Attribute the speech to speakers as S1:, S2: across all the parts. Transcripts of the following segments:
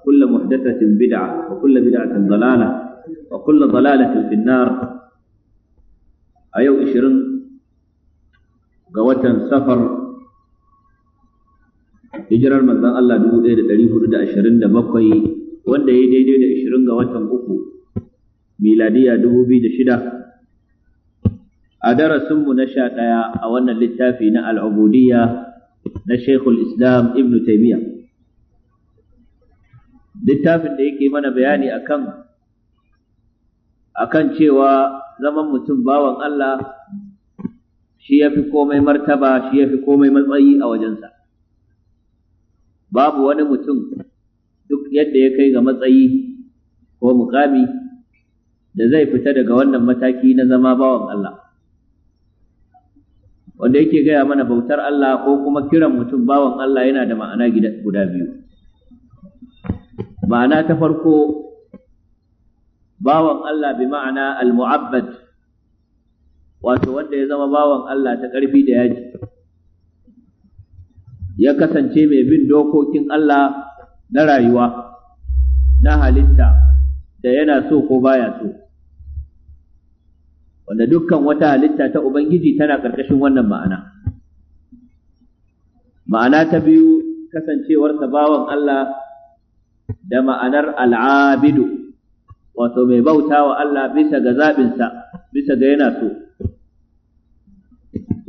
S1: وكل محدثة بدعة وكل بدعة ضلالة وكل ضلالة في النار أيو إشرن قوة سفر hijirar manzon Allah dubu ɗaya da ɗari hudu da ashirin da bakwai wanda ya daidai da ashirin ga watan uku miladiya dubu biyu da shida a darasinmu na sha ɗaya a wannan littafi na al'ubudiyya na Sheikhul Islam Ibn littafin da yake mana bayani akan akan cewa zaman mutum bawan Allah shi ya fi komai martaba shi ya fi komai matsayi a wajensa babu wani mutum duk yadda ya kai ga matsayi ko mukami da zai fita daga wannan mataki na zama bawan Allah wanda yake gaya mana bautar Allah ko kuma kiran mutum bawan Allah yana da ma'ana guda biyu ma'ana ta farko bawan Allah bi ma'ana al-mu'abbad wato wanda ya zama bawan Allah ta ƙarfi da yaji ya kasance mai bin dokokin Allah na rayuwa na halitta da yana so ko baya so wanda dukkan wata halitta ta Ubangiji tana ƙarƙashin wannan ma'ana ma'ana ta biyu kasancewarsa bawan Allah da ma'anar al'abidu wato mai bauta wa Allah bisa ga zaɓinsa bisa ga yana so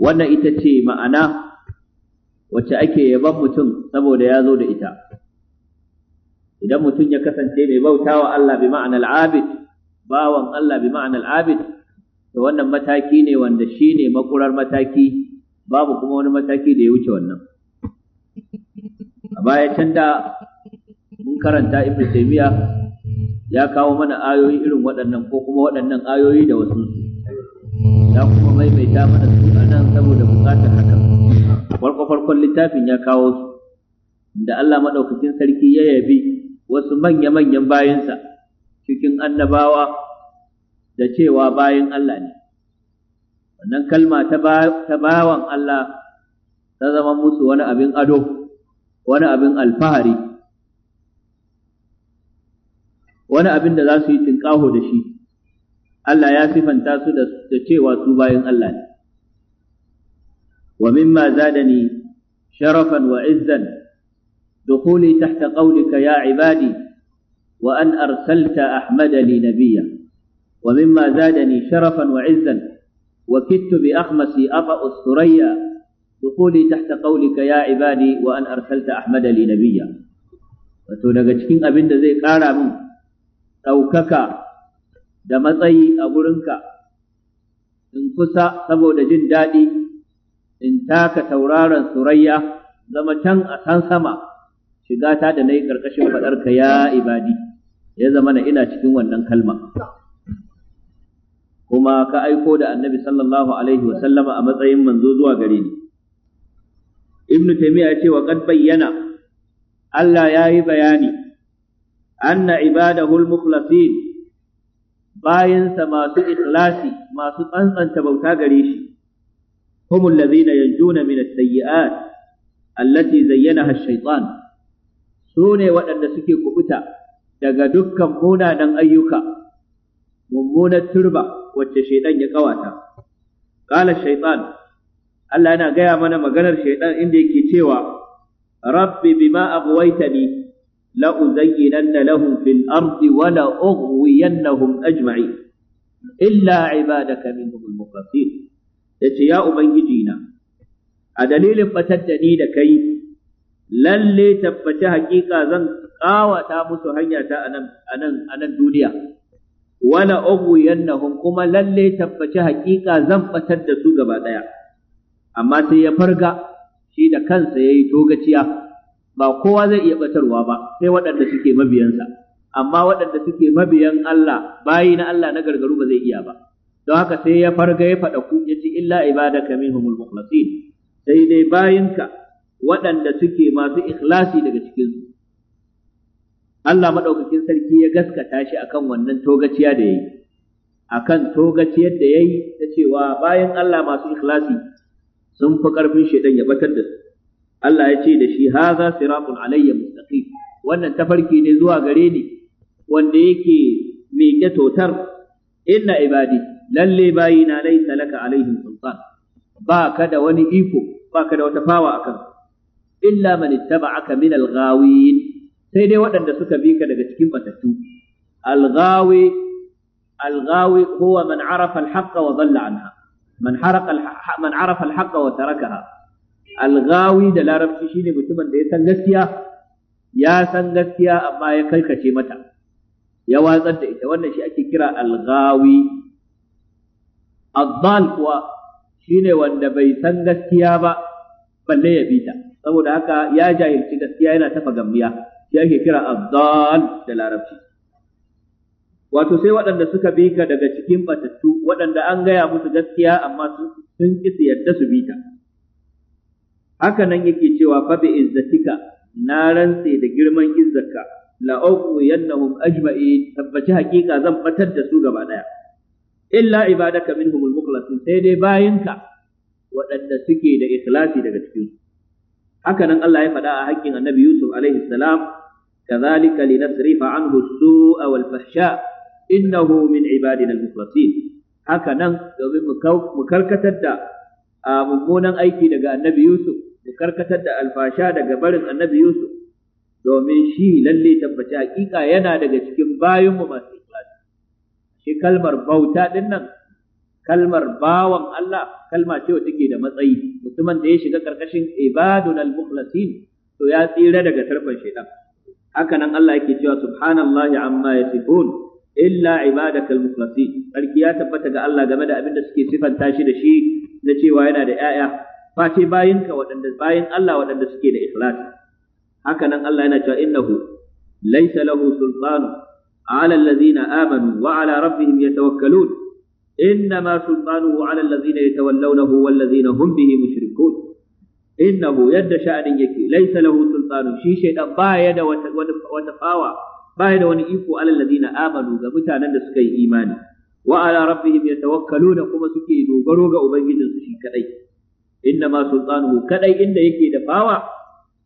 S1: wannan ita ce ma'ana wacce ake yaban mutum saboda ya zo da ita idan mutum ya kasance mai bauta wa Allah bi ma'ana al'abid bawan Allah bi ma'ana al'abid to wannan mataki ne wanda shi ne makurar mataki babu kuma wani mataki da ya wuce wannan a baya can da karanta Ibn taymiya ya kawo mana ayoyi irin waɗannan ko kuma waɗannan ayoyi da wasu ya kuma maimaita mana su a nan saboda buƙatar hakan farko farkon littafin ya kawo su da Allah maɗaukacin sarki ya yabi wasu manya-manyan bayansa cikin annabawa da cewa bayan Allah ne wannan kalma ta bawan Allah ta zama musu wani abin ado wani abin alfahari wani abin da za su yi tinƙaho da shi Allah ya sifanta su da cewa su bayan Allah ne wa mimma zadani sharafan wa izzan dukhuli tahta qawlika ya ibadi wa an arsalta ahmada li nabiyya wa mimma zadani sharafan wa izzan wa kittu bi akhmasi aba usturayya dukhuli tahta qawlika ya ibadi wa an arsalta ahmada li nabiyya wato daga cikin abin da zai ƙara min ɗaukaka da matsayi a wurinka in kusa saboda jin daɗi, in taka tauraron surayya zama can a san sama, shiga ta da na yi ƙarƙashin faɗarka ya ibadi, ya zama na ina cikin wannan kalma. Kuma ka aiko da annabi sallallahu Alaihi wasallama a matsayin manzo zuwa gare ni. Ibn Taymiyyah ya ce wa bayyana, Allah ya yi bayani. anna ibadahul mukhlasin bayansa masu ikhlasi masu tsantsanta bauta gare shi هم الذين ينجون من السيئات التي زينها الشيطان سوني وأن سكي كبتا دقا دكا مونا نن أيوكا ممونا التربة والشيطان يقواتا قال الشيطان ألا أنا قيا من مغنى الشيطان إندي كتوى ربي بما أغويتني لأزينن لهم في الأرض ولأغوينهم أجمعين إلا عبادك منهم المخلصين yace ya ubangiji na a dalilin batar da ni da kai lalle tabbaci hakika zan kawata musu hanya ta anan anan anan duniya wala ughwiyannahum kuma lalle tabbaci haƙiƙa zan batar da su gaba ɗaya. amma sai ya farga shi da kansa yayi togaciya ba kowa zai iya batarwa ba sai waɗanda suke mabiyansa amma waɗanda suke mabiyan Allah bayi na Allah na gargaru ba zai iya ba don haka sai ya farga ya faɗa ku ya ce illa ibadaka minhumul mukhlasin sai dai bayinka waɗanda suke masu ikhlasi daga cikin su Allah madaukakin sarki ya gaskata shi akan wannan togaciya da yayi akan togaciyar da yayi ta cewa bayin Allah masu ikhlasi sun fi karfin shedan ya batar da su Allah ya ce da shi haza siratun alayya mustaqim wannan tafarki ne zuwa gare ni wanda yake miƙe totar inna ibadi lalle bayina laysa laka alaihim sultan ba ka da wani iko ba ka da wata fawa akan illa man ittaba'aka min al-ghawin sai dai waɗanda suka bi ka daga cikin batattu al-ghawi al-ghawi huwa man arafa al-haqqa wa dhalla anha man haraqa man arafa al-haqqa wa tarakaha algawi da larabci shine mutumin da ya san gaskiya ya san gaskiya amma ya karkace mata ya watsar da ita wannan shi ake kira algawi addal kuwa shine wanda bai san gaskiya ba balle ya bi ta saboda haka ya jahilci gaskiya yana tafa gambiya shi ake kira addal da larabci wato sai waɗanda suka bi ka daga cikin batattu waɗanda an gaya musu gaskiya amma sun ƙi su yadda su bi ta haka nan yake cewa fa izzatika na rantse da girman izzaka la aqu yanahum Ajma'i tabbaci hakika zan fatar da su gaba daya illa ibadaka minhumul mukhlasin sai dai bayinka waɗanda suke da ikhlasi daga cikin haka nan Allah ya faɗa a haƙƙin annabi Yusuf alaihi salam kadhalika linasrifa anhu as-su'a wal fahsha innahu min ibadina al-mukhlasin haka nan domin mu karkatar da mummunan aiki daga annabi Yusuf da karkatar da alfasha daga barin annabi Yusuf domin shi lalle tabbaci hakika yana daga cikin bayan mu masu ikhlasi shi kalmar bauta din nan kalmar bawan Allah kalma ce wacce take da matsayi mutumin da ya shiga karkashin ibadun al-mukhlasin to ya tsira daga tarfan shaitan haka nan Allah yake cewa subhanallahi amma yasifun illa ibadakal mukhlasin sarki ya tabbata ga Allah game da abin da suke sifanta shi da shi na cewa yana da 'ya'ya. face bayinka waɗanda bayin Allah waɗanda suke da ikhlasi Hakanan nan Allah yana cewa innahu laysa lahu sultanu ala allazina amanu wa ala rabbihim yatawakkalun innama sultanuhu ala allazina yatawallawnahu wal ladzina hum bihi mushrikun innahu yadda sha'anin yake laysa lahu sultanu shi shaydan baya da wata wata fawa baya da wani iko ala allazina amanu ga mutanen da suka yi imani wa ala rabbihim yatawakkaluna kuma suke dogaro ga ubangijinsu shi kadai inna ma sultanuhu kadai inda yake da bawa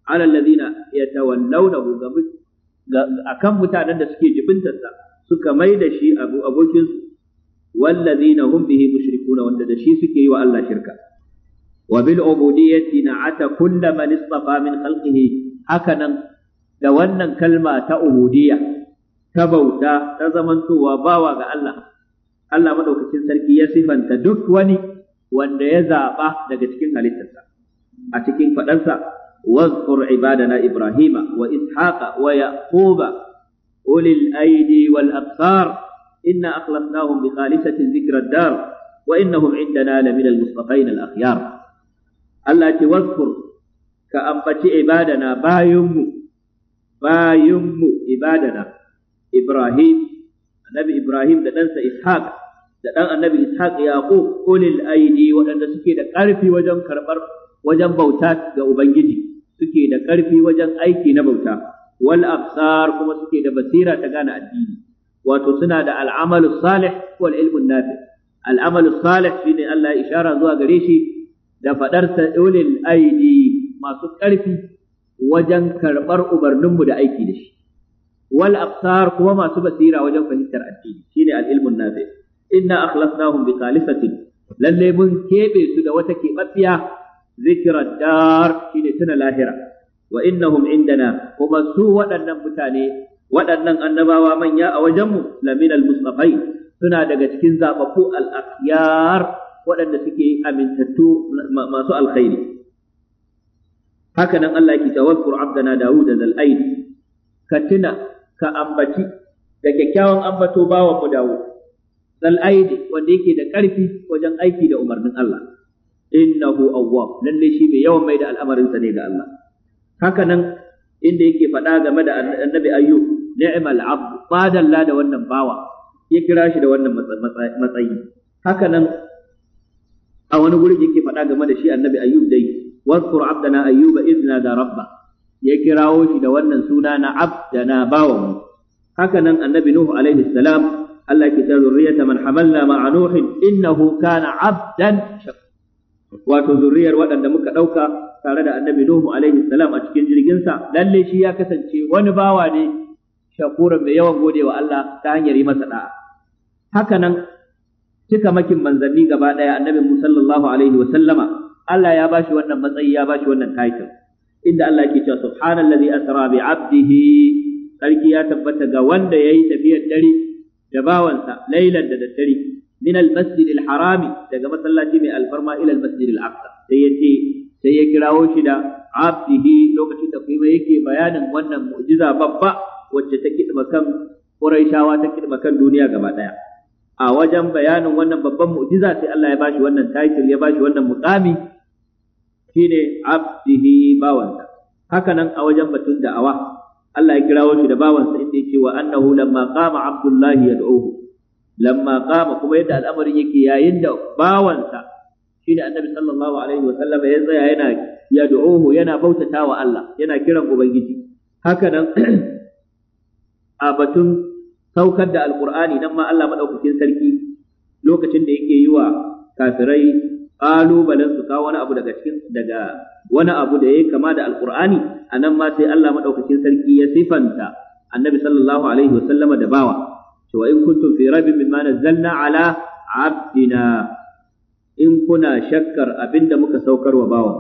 S1: ala alladhina yatawallawnahu akan mutanen da suke jibintarsa suka mai da shi abu abokin su hum bihi mushrikuna wanda da shi suke yi wa Allah shirka wa bil ubudiyyati na'ata kullu man istafa min khalqihi hakanan da wannan kalma ta ubudiyya ta bauta ta zamantowa bawa ga Allah Allah madaukakin sarki ya sifanta duk wani wanda ya zaɓa daga cikin halittarsa a cikin faɗansa واذكر عبادنا إبراهيم وإسحاق ويعقوب أولي الأيدي والأبصار إنا أخلصناهم بخالصة ذكر الدار وإنهم عندنا لمن المصطفين الأخيار التي واذكر كأنبت عبادنا بايم بايم عبادنا إبراهيم النبي إبراهيم لننسى إسحاق da ɗan annabi ishaq yaqub ulil aidi waɗanda suke da ƙarfi wajen karɓar wajen bauta ga ubangiji suke da ƙarfi wajen aiki na bauta wal absar kuma suke da basira ta gane addini wato suna da al'amalu salih wal ilmu nafi al'amalu salih shine Allah ya ishara zuwa gare shi da faɗarsa ulil aidi masu ƙarfi wajen karɓar ubarninmu da aiki da shi wal absar kuma masu basira wajen fahimtar addini shine al ilmu nafi inna akhlasnahum bi khalisatin lalle mun kebe su da wata keɓaɓɓiya zikirar dar shine tuna lahira wa innahum indana kuma su waɗannan mutane waɗannan annabawa manya a wajenmu laminal mustafai suna daga cikin al al'afiyar waɗanda suke amintattu masu alkhairi haka nan Allah ke tawar na Dawud da ka tuna ka ambaci da kyakkyawan ambato bawa mu Dawud zal wanda yake da ƙarfi wajen aiki da umarnin Allah innahu awwab lalle shi mai yawan mai da al'amarin sa ne ga Allah haka nan inda yake faɗa game da annabi ayyub ni'mal abd badalla da wannan bawa ya kira shi da wannan matsayi haka nan a wani gurin yake faɗa game da shi annabi ayyub dai wasfur Abdana ayyuba إذ da Rabba, ya kirawo shi da wannan suna na abdana bawanmu haka nan annabi nuhu alaihi salam Allah ke ta zurriyata man hamalna ma'a nuhin innahu kana abdan wato zurriyar waɗanda muka ɗauka tare da annabi Nuhu alaihi salam a cikin sa, lalle shi ya kasance wani bawa ne shakuran mai yawan gode wa Allah ta hanyar yi masa da'a haka nan cika makin manzanni gaba ɗaya annabi Musa sallallahu alaihi wa sallama Allah ya bashi wannan matsayi ya bashi wannan title inda Allah ke cewa subhanallazi asra bi abdihi sarki ya tabbata ga wanda yayi tafiyar dare da bawansa lailan da daddare min al harami daga masallaci mai alfarma ila al-masjid sai yace sai ya kirawo shi da abdihi lokacin da kuma yake bayanin wannan mu'jiza babba wacce ta kidba kan Qurayshawa ta kidba kan duniya gaba daya a wajen bayanin wannan babban mu'jiza sai Allah ya bashi wannan title ya bashi wannan muqami shine abdihi bawansa haka nan a wajen batun da'awa Allah ya kirawo shi da bawansa inda yake wa annahu lamma qama abdullahi yad'uhu lamma qama kuma yadda al'amarin yake yayin da bawansa shine annabi sallallahu alaihi wa sallam ya tsaya yana yad'uhu yana bautatawa Allah yana kiran ubangiji haka nan a batun saukar da alqur'ani nan ma Allah madaukakin sarki lokacin da yake yi wa kafirai ƙalubalen su kawo wani abu daga cikin daga wani abu da ya yi kama da A nan ma sai Allah maɗaukakin sarki ya sifanta annabi sallallahu alaihi wasallama da bawa to in kuntum fi raibin mimma nazzalna ala abdina in kuna shakkar abinda muka saukar wa bawa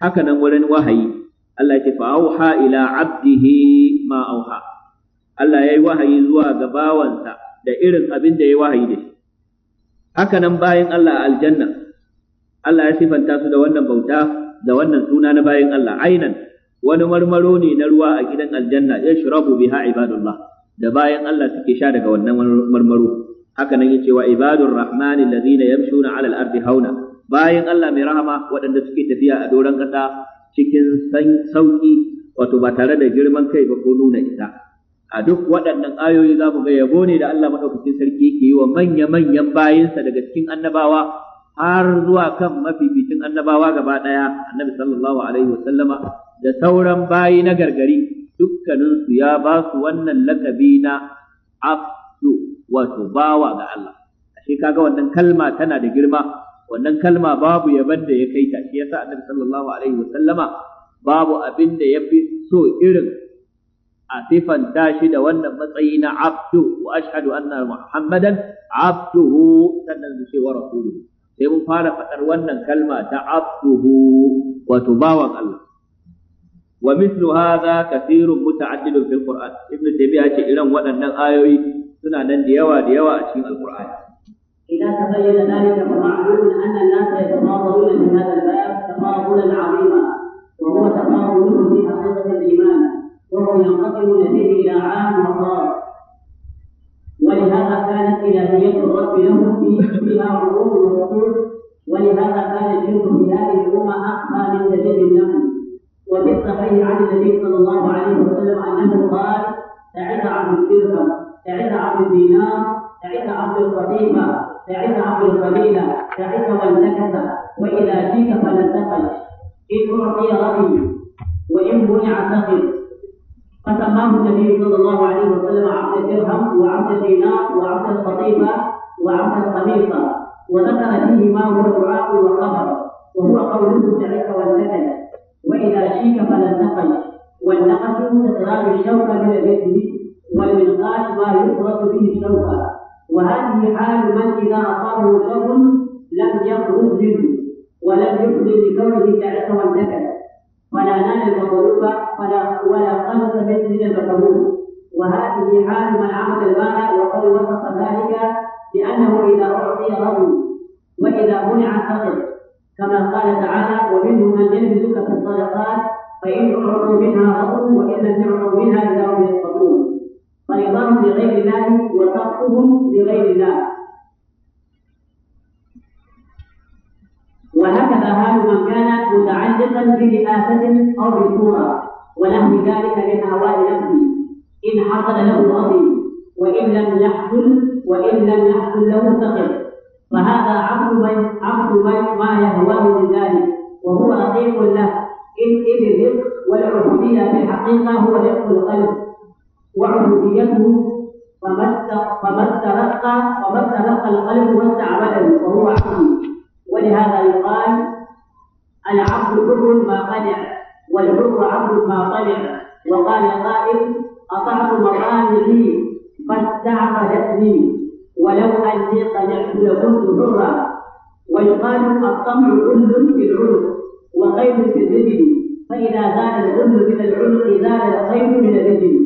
S1: haka nan wurin wahayi Allah ya ce fa auha ila abdihi ma auha Allah ya yi wahayi zuwa ga bawansa da irin abin da yayi wahayi da shi haka nan bayan Allah aljanna Allah ya sifanta su da wannan bauta da wannan suna na bayin Allah ainan wani marmaro ne na ruwa a gidan aljanna ya shirabu biha ibadullah da bayan Allah suke sha daga wannan marmaro haka nan yace wa ibadur rahmani allazina yamshuna ala al-ardi hauna bayan Allah mai rahama waɗanda suke tafiya a doron ƙasa cikin sauki wato ba tare da girman kai ba ko nuna ita a duk waɗannan ayoyi za mu ga yabo ne da Allah maɗaukakin sarki yake yi wa manya-manyan bayinsa daga cikin annabawa har zuwa kan mafificin annabawa gaba ɗaya annabi sallallahu alaihi wasallama da sauran bayi na gargari dukkaninsu ya ba su wannan lakabi na abdu wato bawa ga Allah ashe kaga wannan kalma tana da girma wannan kalma babu yaban da ya kai ta shi yasa annabi sallallahu alaihi wasallama babu abin da yafi so irin a sifanta shi da wannan matsayi na abdu wa ashhadu anna muhammadan abduhu sannan su ce wa rasuluhu sai mun fara faɗar wannan kalma ta abduhu wa bawan Allah wa mithlu hadha kathirun muta'addidun fil qur'an ibn tabi'a ce irin waɗannan ayoyi suna nan da yawa da yawa a cikin alqur'ani
S2: idan ka bayyana إذا تبين ذلك فمعلوم أن الناس يتفاضلون من al الباب تفاضلا عظيما وهو تفاضلهم في حقيقة الإيمان وهو ينقسم فيه إلى عام وخاص ولهذا كانت إلهية الرب له فيها عروض وعقول ولهذا كان جند في الأمة أقوى من تجلي له وفي الصحيح عن النبي صلى الله عليه وسلم أنه قال تعز عبد الدرهم تعز عبد الدينار تعز عبد القطيفة تعز عبد القبيلة تعز والنكسة وإذا جئت فلن تقل إن أعطي رضي وإن منع سخط فسماه النبي صلى الله عليه وسلم عبد الدرهم وعبد الدينار وعبد القطيفه وعبد القميصه وذكر فيه ما هو دعاء وخبر وهو قول تعك والنكل واذا شيك فلا النقل والنقل اخراج الشوكه من اليد والمنقاش ما يفرط به الشوكه وهذه حال من اذا اصابه شر لم يخرج منه ولم يخرج لكونه تعك والنكل ولا نال الغلوب ولا ولا خلص من من الحلول وهذه حال من عمل المال وقد وصف ذلك بأنه إذا أعطي رضي وإذا منع فقد كما قال تعالى ومنهم من يلبسك في الصدقات فإن أعطوا منها رضوا وإن لم يعطوا منها إذا هم يسقطون فرضاهم لغير الله وسقطهم لغير الله وهكذا حال من كان متعلقا برئاسة أو بالكورة ونحو ذلك من أهواء نفسه إن حصل له أصيب وإن لم يحصل وإن لم يحصل له سقط فهذا عبد عقل ما يهواه من ذلك وهو رقيق له إن إذ الرق والعبودية في الحقيقة هو رق القلب وعبوديته فما استرق فما استرق القلب واستعمله وهو عقل ولهذا يقال العبد حر ما قنع والحر عبد ما طلع وقال قائل أطعت مطامعي فاستعقدتني ولو أني قنعت لكنت حرا ويقال الطمع كل في العنق وقيد في الرجل فإذا زال الغل من العنق زال القيد من الرجل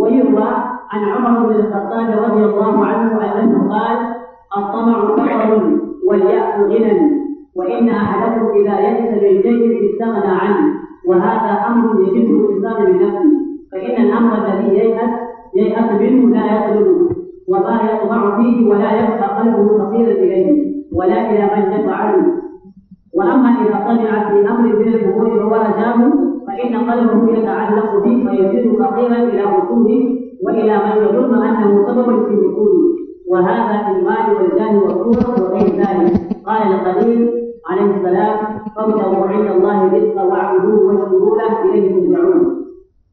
S2: ويروى عن عمر بن الخطاب رضي الله عنه أنه قال الطمع حر واليأس غنى وإن أحدكم إذا يأس بالشيء استغنى عنه وهذا أمر يجبه الإنسان بنفسه فإن الأمر الذي ييأس ييأس منه لا يطلبه وما يطمع فيه ولا يبقى قلبه فقيرا إليه ولا إلى من يفعله وأما إذا طمع في أمر من الأمور وهو رجاه فإن قلبه يتعلق به فيزيد فقيرا إلى وصوله وإلى من يظن أنه سبب في وصوله وهذا في المال والجاه والكفر وغير ذلك قال القديم عليه السلام فابتغوا عند الله الرزق واعبدوه واشكروا له اليه ترجعون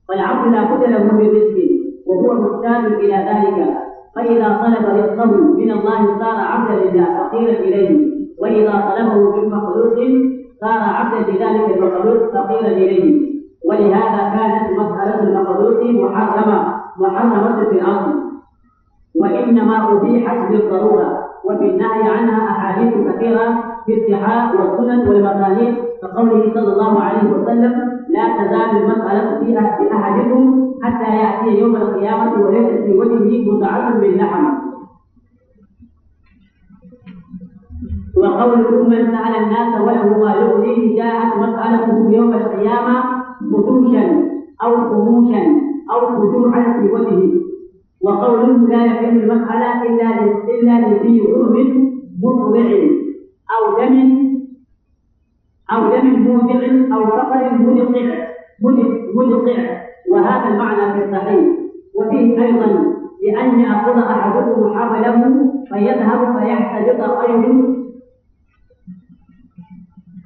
S2: والعبد لا بد له من رزق وهو محتاج الى ذلك فاذا طلب رزقه من الله صار عبدا لله فقيرا اليه واذا طلبه من مخلوق صار عبدا لذلك المخلوق فقيرا اليه ولهذا كانت مساله المخلوق محرمه محرمه في الارض وإنما أبيحت للضرورة وفي النهي عنها أحاديث كثيرة في الدعاء والسنن والمقاليد كقوله صلى الله عليه وسلم لا تزال المسألة في احدكم حتى يأتي يوم القيامة وليس في وجهه متعلق باللحم. وقول وقوله من سأل الناس وله ما يؤذيه جاءت مسألته يوم القيامة بطوشا أو خموشا أو خدوعا في وجهه وقوله لا يحل المسألة إلا إلا لذي عرض مطلع أو دم أو دم موجع أو فقر مدقع مدقع وهذا المعنى في الصحيح وفيه أيضا لأن يأخذ أحدكم حبله فيذهب فيحتجط خير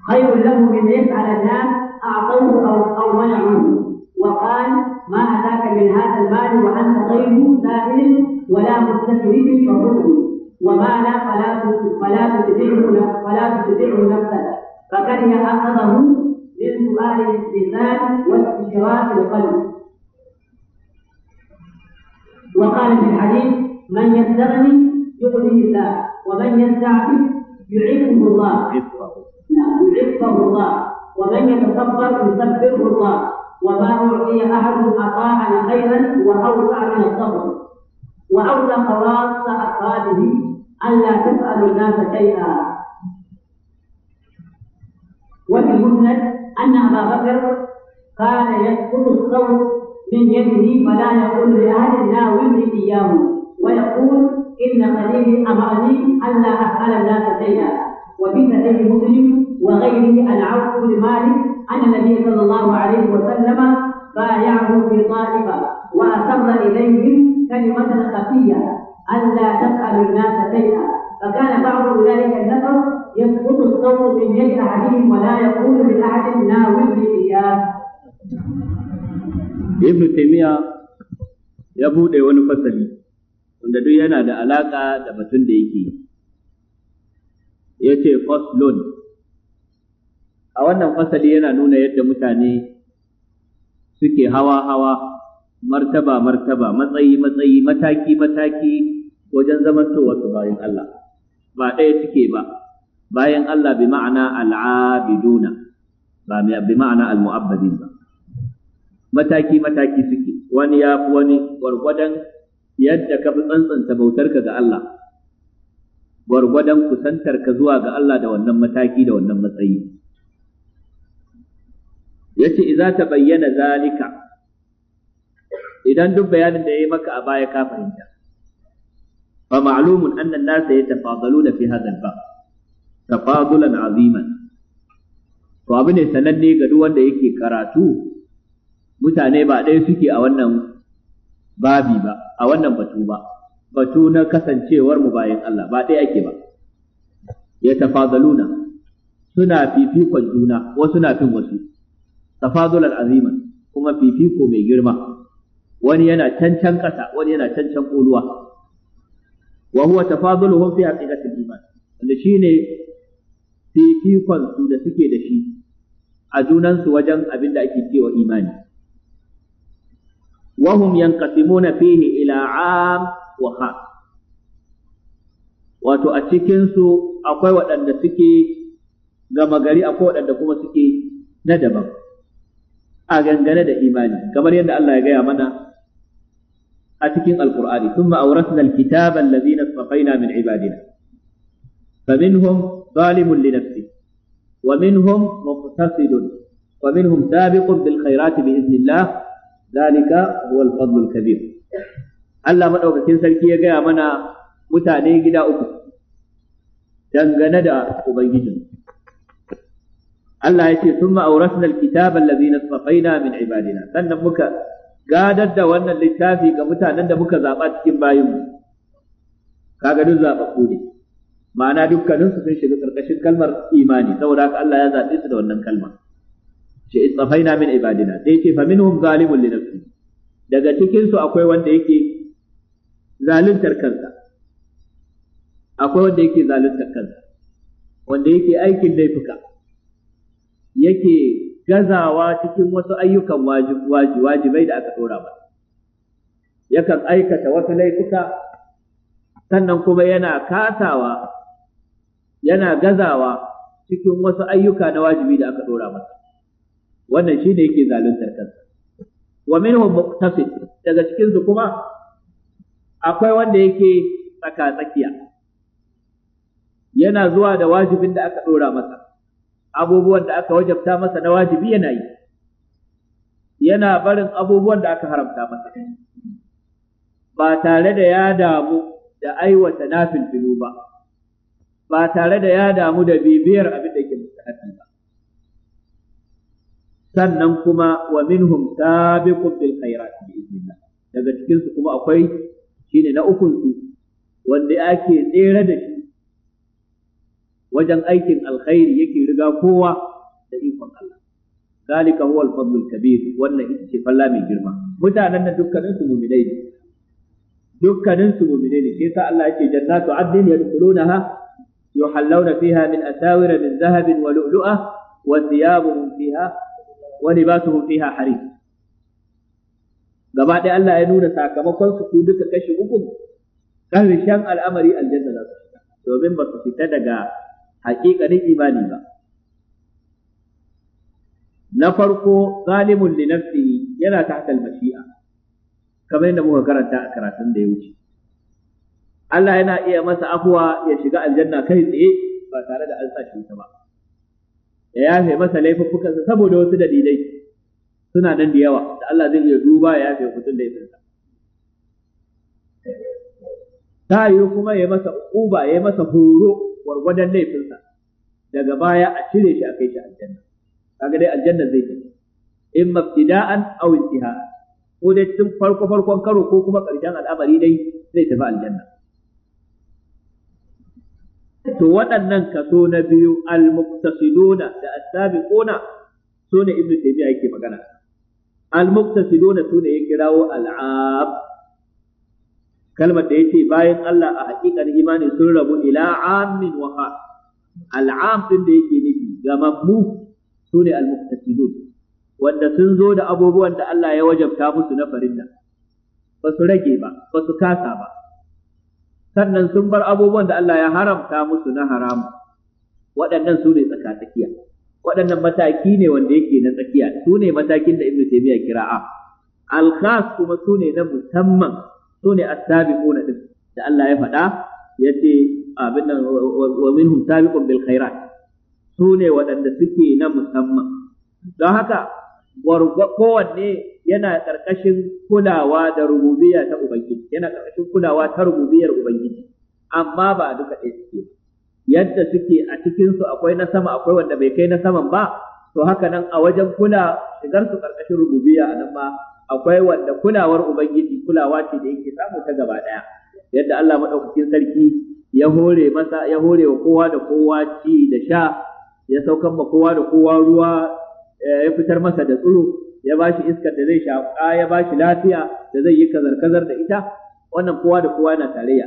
S2: خير له من يفعل الناس أعطوه أو أو منعوه وقال ما أتاك من هذا المال وأنت غير سائل ولا مستكبر فخذه وما لا فلا فلا فلا تتبعه نفسك فكره أخذه من سؤال اللسان واستشراف القلب وقال في الحديث من يستغني يغني الله ومن يستعفف يعينه الله نعم، يعفه الله ومن يتصبر يصبره الله وما أعطي أحد أطاعنا خيرا وأوسع من الصبر وأوثق راس أصحابه ألا تسألوا الناس شيئا وفي المسند أن أبا بكر كان يسقط الصوت من يده فلا يقول لأحد ناولني إياه ويقول إن قليل أمرني ألا أسأل الناس شيئا وفي كتاب مسلم وغيره العفو لمالك أن النبي صلى الله عليه وسلم بايعه في طائفة وأسر إليه كلمة خفية ألا تسأل الناس شيئا فكان بعض أولئك النفر يسقط الصوت من يد أحدهم ولا يقول لأحد ناولني إياه
S1: Ibn Taymiyyah ya buɗe wani fasali wanda duk yana da alaƙa da batun da yake yi. Ya ce, First a wannan fasali yana nuna yadda mutane suke hawa-hawa martaba-martaba matsayi-matsayi mataki-mataki wajen zamantowa su bayan Allah ba ɗaya suke ba bayan Allah bi ma'ana al'abiduna ba bi ma'ana al-mu'abbadin ba mataki-mataki suke wani ya fi wani gwargwadon yadda ka fi tsantsanta bautarka ga Allah gwargwadon kusantarka zuwa ga Allah da wannan mataki da wannan matsayi yace idza bayyana zalika idan duk bayanin da yayi maka a baya ka fahimta fa ma'lumun anna an-nas yatafadaluna fi hadha al-bab tafadulan aziman to abu ne sananne ga duk wanda yake karatu mutane ba ɗaya suke a wannan babi ba a wannan batu ba batu na kasancewar mu bayan Allah ba ɗaya ake ba yatafadaluna suna fifikon juna wasu na fin wasu tafadulan azima kuma fifiko mai girma wani yana cancan ƙasa wani yana cancan ƙoluwa wa huwa tafaduluhum fi haqiqatil iman wanda shine fifikon su da suke da shi a junan su wajen abin da ake cewa imani wa hum yanqasimuna fihi ila am wa khas wato a cikin su akwai waɗanda suke gama gari akwai waɗanda kuma suke na daban a gangane da imani kamar yadda Allah ya gaya mana a cikin alkur'ani thumma awrathna alkitaba alladhina safaina min ibadina faminhum zalimun li nafsi wa minhum muqtasidun wa minhum sabiqun bil khairati bi idnillah zalika huwa alfadl alkabir Allah madaukakin sarki ya gaya mana mutane gida uku dangane da ubangijin Allah ya ce thumma awrasna alkitaba allazina safaina min ibadina sannan muka gadar da wannan littafi ga mutanen da muka zaba cikin bayinmu kaga duk zababbu ne ma'ana dukkanin su sun shiga ƙarƙashin kalmar imani saboda haka Allah ya zabe su da wannan kalma ce istafaina min ibadina sai ce fa minhum zalimun li nafsihi daga cikin su akwai wanda yake zaluntar kansa akwai wanda yake zaluntar kansa wanda yake aikin laifuka yake gazawa cikin wasu ayyukan wajibai da aka ɗora ba. Yakan aikata wasu laifuka, sannan kuma yana katawa, yana gazawa cikin wasu ayyuka na wajibi da aka ɗora masa. Wannan shi ne yake zaluntar kansa. Wa minhum muqtasid daga cikinsu kuma akwai wanda yake tsaka-tsakiya. Yana zuwa da wajibin da aka ɗora masa. abubuwan da aka wajabta masa na wajibi yana yi yana barin abubuwan da aka haramta masa ba tare da ya damu da aiwata nafilfilu ba ba tare da ya damu da bibiyar abin da ke mustahabi ba sannan kuma wa minhum sabiqun bil khairat bi daga cikin su kuma akwai shine na ukun su wanda ake tsere da shi wajen aikin alkhairi yake riga kowa da ikon Allah zalika huwa al-fadlul kabir wannan ita ce falla mai girma mutanen nan dukkanin su mu'minai ne dukkanin su mu'minai ne sai Allah yake jannatu adnin yadkhulunaha yuhallawna fiha min asawira min zahabin wa lu'lu'a wa thiyabuhum fiha wa libasuhum fiha harir gaba ɗaya Allah ya nuna sakamakon su duka kashi uku karshen al'amari aljanna za su domin ba su fita daga haƙiƙanin imani ba na farko zalimun li nafsihi yana ta al-mashi'a kamar yadda muka karanta a karatun da ya wuce Allah yana iya masa afuwa ya shiga aljanna kai tsaye ba tare da an sa ta ba ya yafe masa laifuffukansa saboda wasu dalilai suna nan da yawa da Allah zai iya duba ya yafe mutum laifinsa ta yiwu kuma ya masa uba ya masa horo gwargwadon laifinsa daga baya a cire shi a kai shi aljanna kaga dai aljanna zai tafi in mabtida'an aw intiha ko dai tun farko farkon karo ko kuma karshen al'amari dai zai tafi aljanna to waɗannan kaso na biyu al-muqtasiduna da as-sabiquna sune ibnu taymiya yake magana al-muqtasiduna sune ya kirawo al-'ab kalmar da yace bayan Allah a hakikar imani sun rabu ila amin wa khas al'am din da yake nufi gamammu sune al-muqtasidun wanda sun zo da abubuwan da Allah ya wajabta musu na farilla ba su rage ba ba su kasa ba sannan sun bar abubuwan da Allah ya haramta musu na haramu waɗannan su ne tsakatsakiya waɗannan mataki ne wanda yake na tsakiya su ne matakin da ibnu taymiya kira'a al-khas kuma su ne na musamman su ne as-sabiquna din da Allah ya faɗa yace abin nan wa minhum sabiqun bil khairat su ne waɗanda suke na musamman don haka kowanne yana ƙarƙashin kulawa da rububiyya ta ubangiji yana ƙarƙashin kulawa ta rububiyyar ubangiji amma ba duka ɗaya suke yadda suke a cikinsu akwai na sama akwai wanda bai kai na saman ba to haka nan a wajen kula shigar su ƙarƙashin rububiyya a nan ma akwai wanda kulawar ubangiji kulawa ce da yake samu ta gaba daya yadda Allah madaukakin sarki ya hore masa ya hore wa kowa da kowa ci da sha ya saukan ma kowa da kowa ruwa eh, ya fitar masa da tsuru ya bashi iskar da zai shaƙa ya bashi lafiya da zai yi kazar-kazar da ita wannan kowa da kowa na tarayya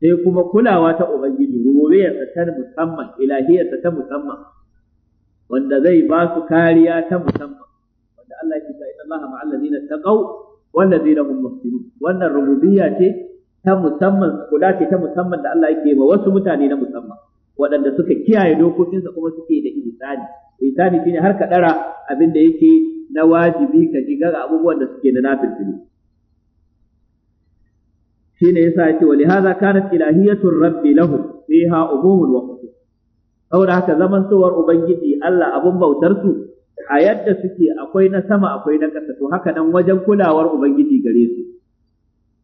S1: sai kuma kulawa ta ubangiji rububiyarsa ta musamman ilahiyarsa ta musamman wanda zai ba su kariya ta musamman da Allah ya ce inna Allah ma'al ladina taqaw wal ladina hum muslimun wannan rububiyya ce ta musamman kula ce ta musamman da Allah yake ba wasu mutane na musamman waɗanda suka kiyaye dokokinsa kuma suke da ihsani ihsani shine har ka dara abin da yake na wajibi ka ji ga abubuwan da suke na nafilfili shine yasa yake wa lihaza kanat ilahiyatur rabbi lahum fiha umumul wa saboda haka zaman tsohuwar ubangiji Allah abun bautar su a yadda suke akwai na sama akwai na ƙasa to haka nan wajen kulawar ubangiji gare su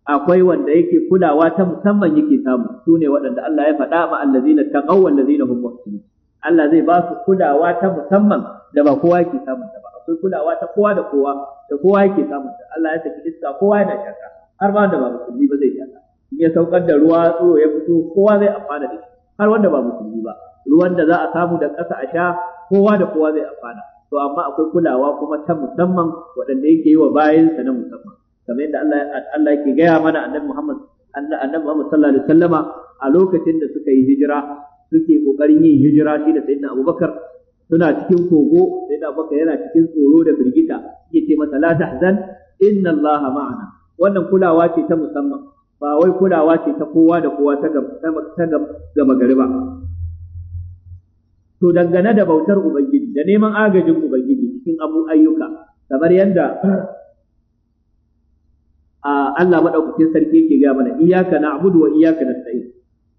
S1: akwai wanda yake kulawa ta musamman yake samu su ne waɗanda Allah ya faɗa ma allazina taqaw wallazina hum muhsinun Allah zai ba su kulawa ta musamman da ba kowa yake samu. ta ba akwai kulawa ta kowa da kowa da kowa yake samu. ta Allah ya saki iska kowa yana shaka har ba da ba musulmi ba zai shaka in ya saukar da ruwa tsoro ya fito kowa zai amfana da shi har wanda ba musulmi ba ruwan da za a samu da ƙasa a sha kowa da kowa zai amfana to amma akwai kulawa kuma ta musamman waɗanda yake yi wa bayansa na musamman kamar yadda Allah Allah yake gaya mana annabi Muhammad annabi Muhammad sallallahu alaihi wasallama a lokacin da suka yi hijira suke kokarin yin hijira shi da sayyidina Abubakar suna cikin kogo sayyidina Abubakar yana cikin tsoro da birgita, yake ce masa la tahzan inna Allah ma'ana wannan kulawa ce ta musamman ba wai kulawa ce ta kowa da kowa ta gama gari ba to dangane da bautar ubangiji da neman agajin ubangiji cikin abu ayyuka kamar yadda Allah maɗaukacin sarki yake na mana na na'budu wa iyaka na nasta'in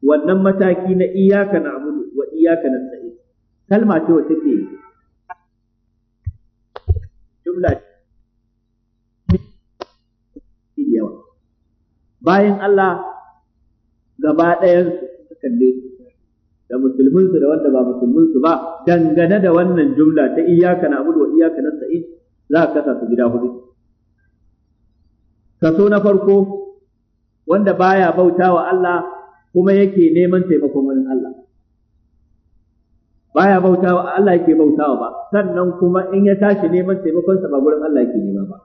S1: wannan mataki na iyaka na na'budu wa iyaka na nasta'in kalma ce wacce take jumla bayan Allah gaba ɗayan su kalle su da musulminsu da wanda ba musulminsu ba dangane da wannan jumla ta iyyaka abudu wa iyyaka nasta'in za ka kasa su gida hudu kaso na farko wanda baya bautawa Allah kuma yake neman taimakon wani Allah baya bautawa Allah yake bautawa ba sannan kuma in ya tashi neman taimakon sa ba gurin Allah yake nema ba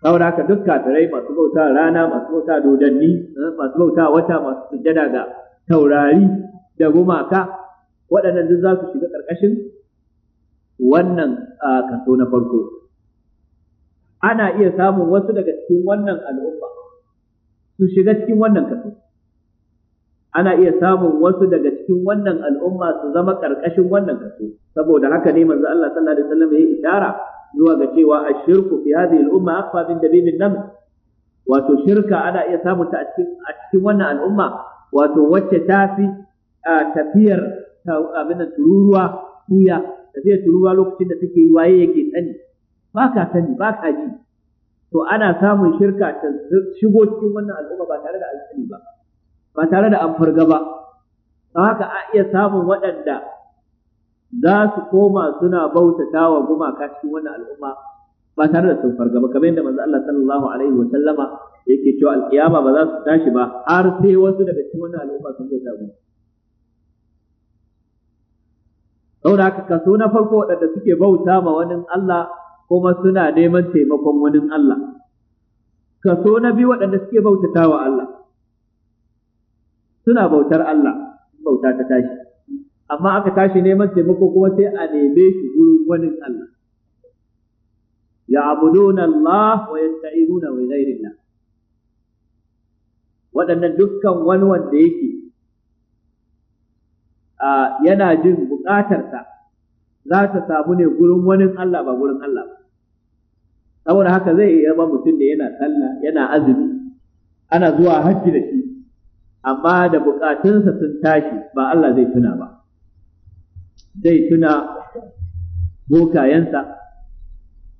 S1: saboda haka duk kafirai masu bauta rana masu bauta dodanni eh, masu bauta wata masu sujjada ga taurari da gumaka waɗannan duk za su shiga ƙarƙashin wannan a kaso na farko ana iya samun wasu daga cikin wannan al'umma su shiga cikin wannan kaso ana iya samun wasu daga cikin wannan al'umma su zama ƙarƙashin wannan kaso saboda haka ne manzo Allah sallallahu alaihi wasallam ya ishara zuwa ga cewa ashirku fi hadhihi al'umma akfa min dabibin nam wato shirka ana iya samun ta a cikin wannan al'umma wato wacce ta fi tafiyar abin da tururuwa tuya tafiyar tururuwa lokacin da take yi waye yake sani ba ka sani ba ka ji to ana samun shirka ta shigo cikin wannan al'umma ba tare da alƙali ba ba tare da an farga ba haka a iya samun waɗanda za su koma suna bautata wa gumaka cikin wannan al'umma ba tare da sun farga ba kamar yadda manzo Allah sallallahu alaihi wa sallama yake cewa alkiyama ba za su tashi ba har sai wasu daga cikin wannan al'umma sun bauta gumaka saboda haka kaso na farko waɗanda suke bauta ma wani Allah kuma suna neman taimakon wani Allah kaso na biyu waɗanda suke bautata wa Allah suna bautar Allah bauta ta tashi amma aka tashi neman taimako kuma sai a neme shi wurin wani Allah Ya يعبدون wa ويستعينون بغير الله waɗannan dukkan wani wanda yake yana jin buƙatarsa za ta samu ne gurin wani Allah ba gurin Allah ba saboda haka zai iya zama mutum da yana sallah yana azumi ana zuwa hajji da shi amma da buƙatunsa sun tashi ba Allah zai tuna ba zai tuna bokayensa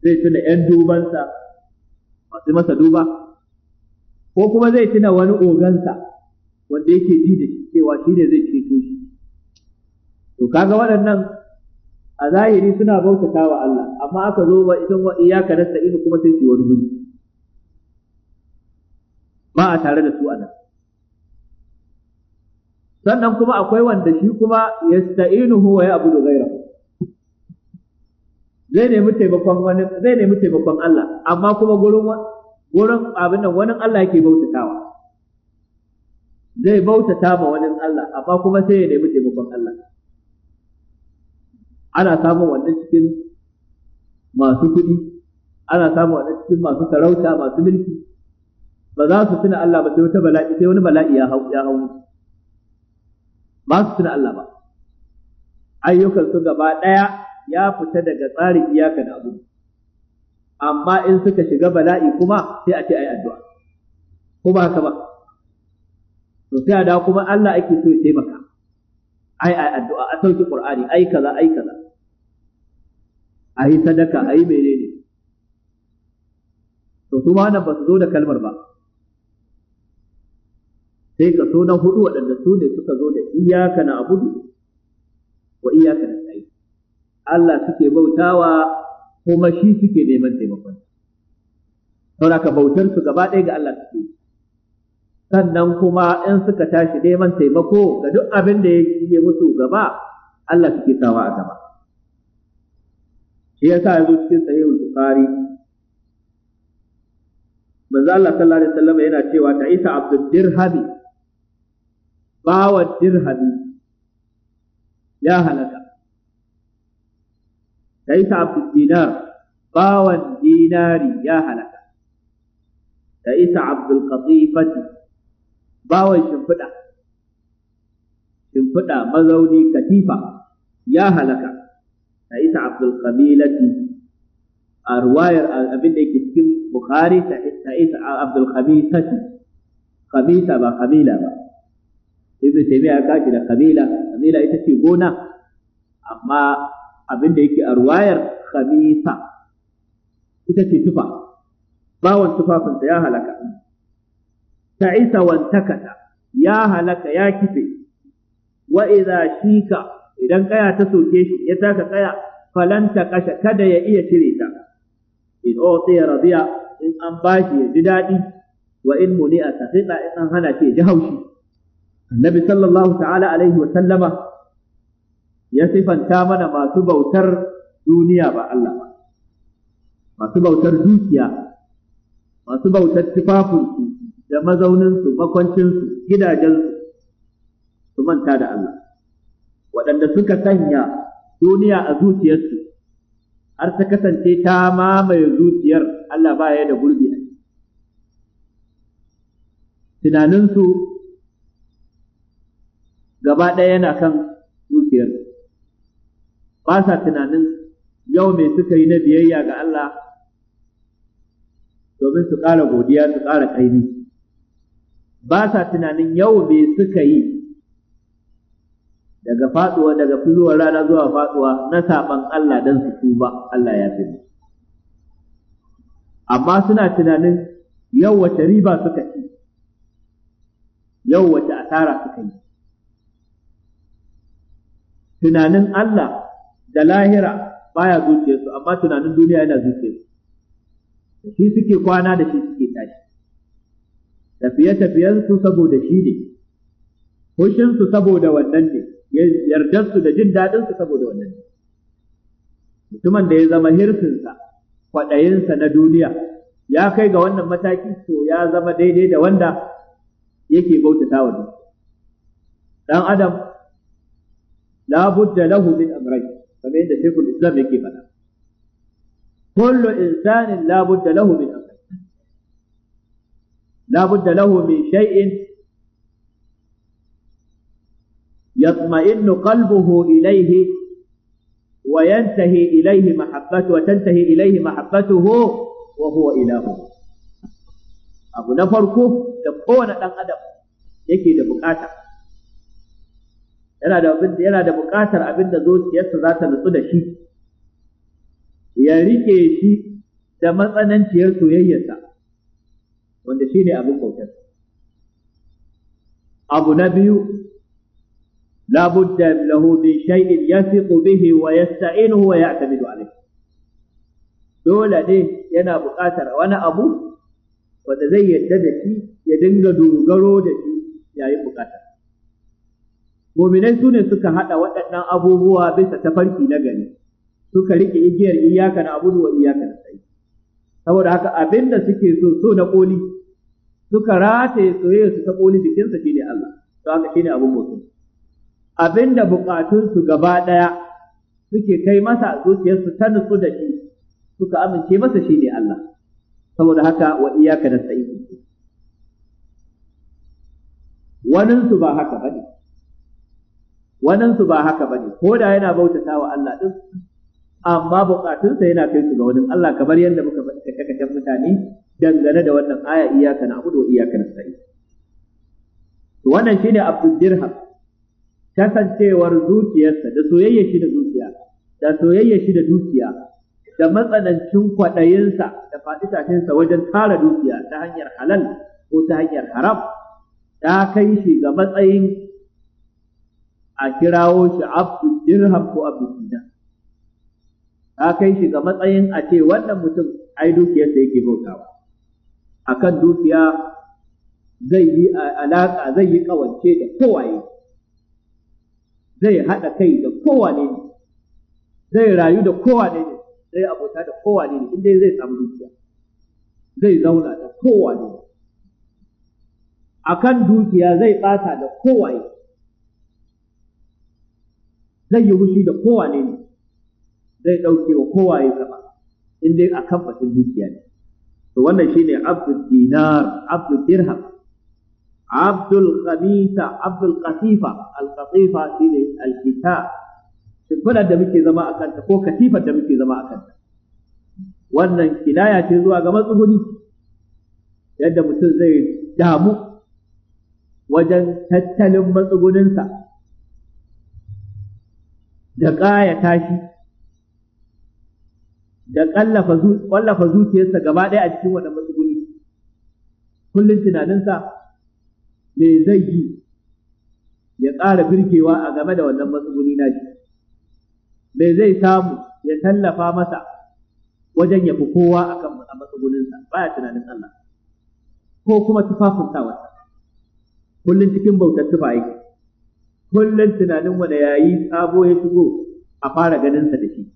S1: zai tuna 'yan dubansa masu masa duba ko kuma zai tuna wani ogansa wanda yake ji da shi cewa shi ne zai ceto shi to kaga waɗannan a zahiri suna bautata wa Allah amma aka zo ba idan wa iyyaka nasta'in kuma sai su wani guri ba a tare da su a nan sannan kuma akwai wanda shi kuma ya wa ya'budu ghayrahu zai nemi taimakon wani zai nemi taimakon Allah amma kuma gurin gurin abin nan wani Allah yake bautatawa zai bautata ma wani Allah amma kuma sai ya nemi taimakon Allah ana samun wannan cikin masu kuɗi ana samun wannan cikin masu sarauta masu mulki ba za su tuna Allah ba sai wata bala'i sai wani bala'i ya hau ya hau ba su tuna Allah ba ayyukan su gaba daya ya fita daga tsarin iyaka da abu amma in suka shiga bala'i kuma sai a ce ayi addu'a ko ba haka ba to sai da kuma Allah ake so ya taimaka ai ai addu'a a sauki qur'ani ai kaza ai kaza a yi sadaka a yi menene to su ma ba su zo da kalmar ba sai ka so na hudu waɗanda su ne suka zo da iyaka na abudu wa iyaka na tsayi Allah suke bautawa kuma shi suke neman taimakon ka bautar su gaba ɗaya ga Allah suke sannan kuma in suka tashi neman taimako ga duk abin da ya musu gaba Allah suke sawa a gaba shi yasa ya zo cikin sahihu bukhari manzo Allah sallallahu alaihi wasallam yana cewa ta isa abdul dirhami bawa dirhami ya halaka ta isa abdul dinar bawan dinari ya halaka ta isa abdul qatifati bawan shimfiɗa shimfiɗa mazauni katifa ya halaka a ita abdul qabilati a ruwayar abin da yake cikin bukhari ta abdul qabitati ba qabila ba ibn taymiya ka da qabila qabila ita ce gona amma abin da yake a ruwayar qabita ita ce tufa bawon tufafinta ya halaka wantakata ya halaka ya kife wa idan kaya ta soke shi ya taka kaya falanta kasha kada ya iya cire ta in utiya radiya in an bashi ya ji daɗi wa in muni a tafiɗa in an hana shi ya ji haushi annabi sallallahu ta'ala alaihi wa sallama ya sifanta mana masu bautar duniya ba Allah ba masu bautar dukiya masu bautar tufafinsu da mazauninsu makwancinsu gidajensu su manta da Allah waɗanda suka sanya duniya a zuciyarsu har ta kasance ta mamaye zuciyar Allah baya da gurbi a tunaninsu gaba ɗaya yana kan zuciyar ba sa tunanin yau me suka yi na biyayya ga Allah domin su ƙara godiya su ƙara ƙaimi ba sa tunanin yau me suka yi daga faduwa daga fitowar rana zuwa faduwa na saban Allah dan su tuba Allah ya fi amma suna tunanin yau wace riba suka ci yau wace asara suka yi tunanin Allah da lahira baya zuciyarsu amma tunanin duniya yana zuciyarsu shi suke kwana da shi suke tashi tafiye-tafiyensu saboda shi ne hushinsu saboda wannan ne yardarsu da jin daɗinsu saboda wannan mutumin da ya zama hirsinsa kwaɗayinsa na duniya ya kai ga wannan mataki to ya zama daidai da wanda yake bautata wa duniya dan adam la budda lahu min amrayn kamar yadda shaykhul islam yake faɗa kullu insanin la budda lahu min amrayn la budda lahu min shay'in يطمئن قلبه إليه وينتهي إليه محبته وتنتهي إليه محبته وهو إلهه أبو نفركو تبقون أن أدب يكي لبقاتا yana da abin yana da buƙatar abin da zuciyarsa za ta nutsu da shi ya rike shi da matsananciyar soyayyarsa wanda ne abin bautar abu na biyu لا بد له من شيء يثق به ويستعينه ويعتمد عليه dole ne yana buƙatar wani abu wanda zai yarda da shi ya dinga dogaro da shi yayin buƙata muminai su ne suka haɗa waɗannan abubuwa bisa tafarki na gari suka riƙe igiyar iyaka na abudu iyaka na tsayi saboda haka abin da suke so so na ƙoli suka rataye soyayya ta ƙoli jikinsa shine Allah to haka shine abin mutum Abin da bukatunsu gaba ɗaya suke kai masa zuciyarsu ta nutsu da shi suka amince masa shi ne Allah saboda haka wa iyaka da sa'idu waninsu ba haka bane waninsu ba haka bane ko da yana bautata wa Allah din amma bukatunsa yana kai su ga wani Allah kamar yadda muka faɗi kakakatan mutane dangane da wannan aya iyaka na abudu wa iyaka na sa'idu wannan shine abdul dirham kasancewar zuciyarsa da soyayya shi da zuciya da soyayya shi da dukiya da matsanancin kwaɗayinsa da faɗi tashinsa wajen tara dukiya ta hanyar halal ko ta hanyar haram ta kai shi ga matsayin a kirawo shi abdul dirham ko abdul dina ta kai shi ga matsayin a ce wannan mutum ai dukiyarsa yake bautawa akan dukiya zai yi alaka zai yi kawance da kowaye zai haɗa kai da kowane ne zai rayu da kowane ne zai abota da kowane ne inda zai samu dukiya zai zauna da kowane ne kan dukiya zai ɓata da kowaye zai yi hushi da kowane ne zai ɗauke wa kowane gaba inda a kan batun dukiya ne to wannan shine abdul dinar abdul dirham abdul qadisa abdul qatifa al qatifa shine al kita shimfidar da muke zama a kanta ko katifar da muke zama a kanta wannan kidaya ce zuwa ga matsuguni yadda mutum zai damu wajen tattalin matsuguninsa da ƙaya tashi, da ƙwallafa zuciyarsa gaba ɗaya a cikin wannan matsuguni kullum tunaninsa me zai yi ya ƙara birkewa a game da wannan matsuguni na shi me zai samu ya tallafa masa wajen ya fi kowa akan a matsuguninsa baya tunanin Allah ko kuma tufafin wata? kullum cikin bautar tufa yake kullum tunanin wanda yi sabo ya shigo a fara ganinsa da shi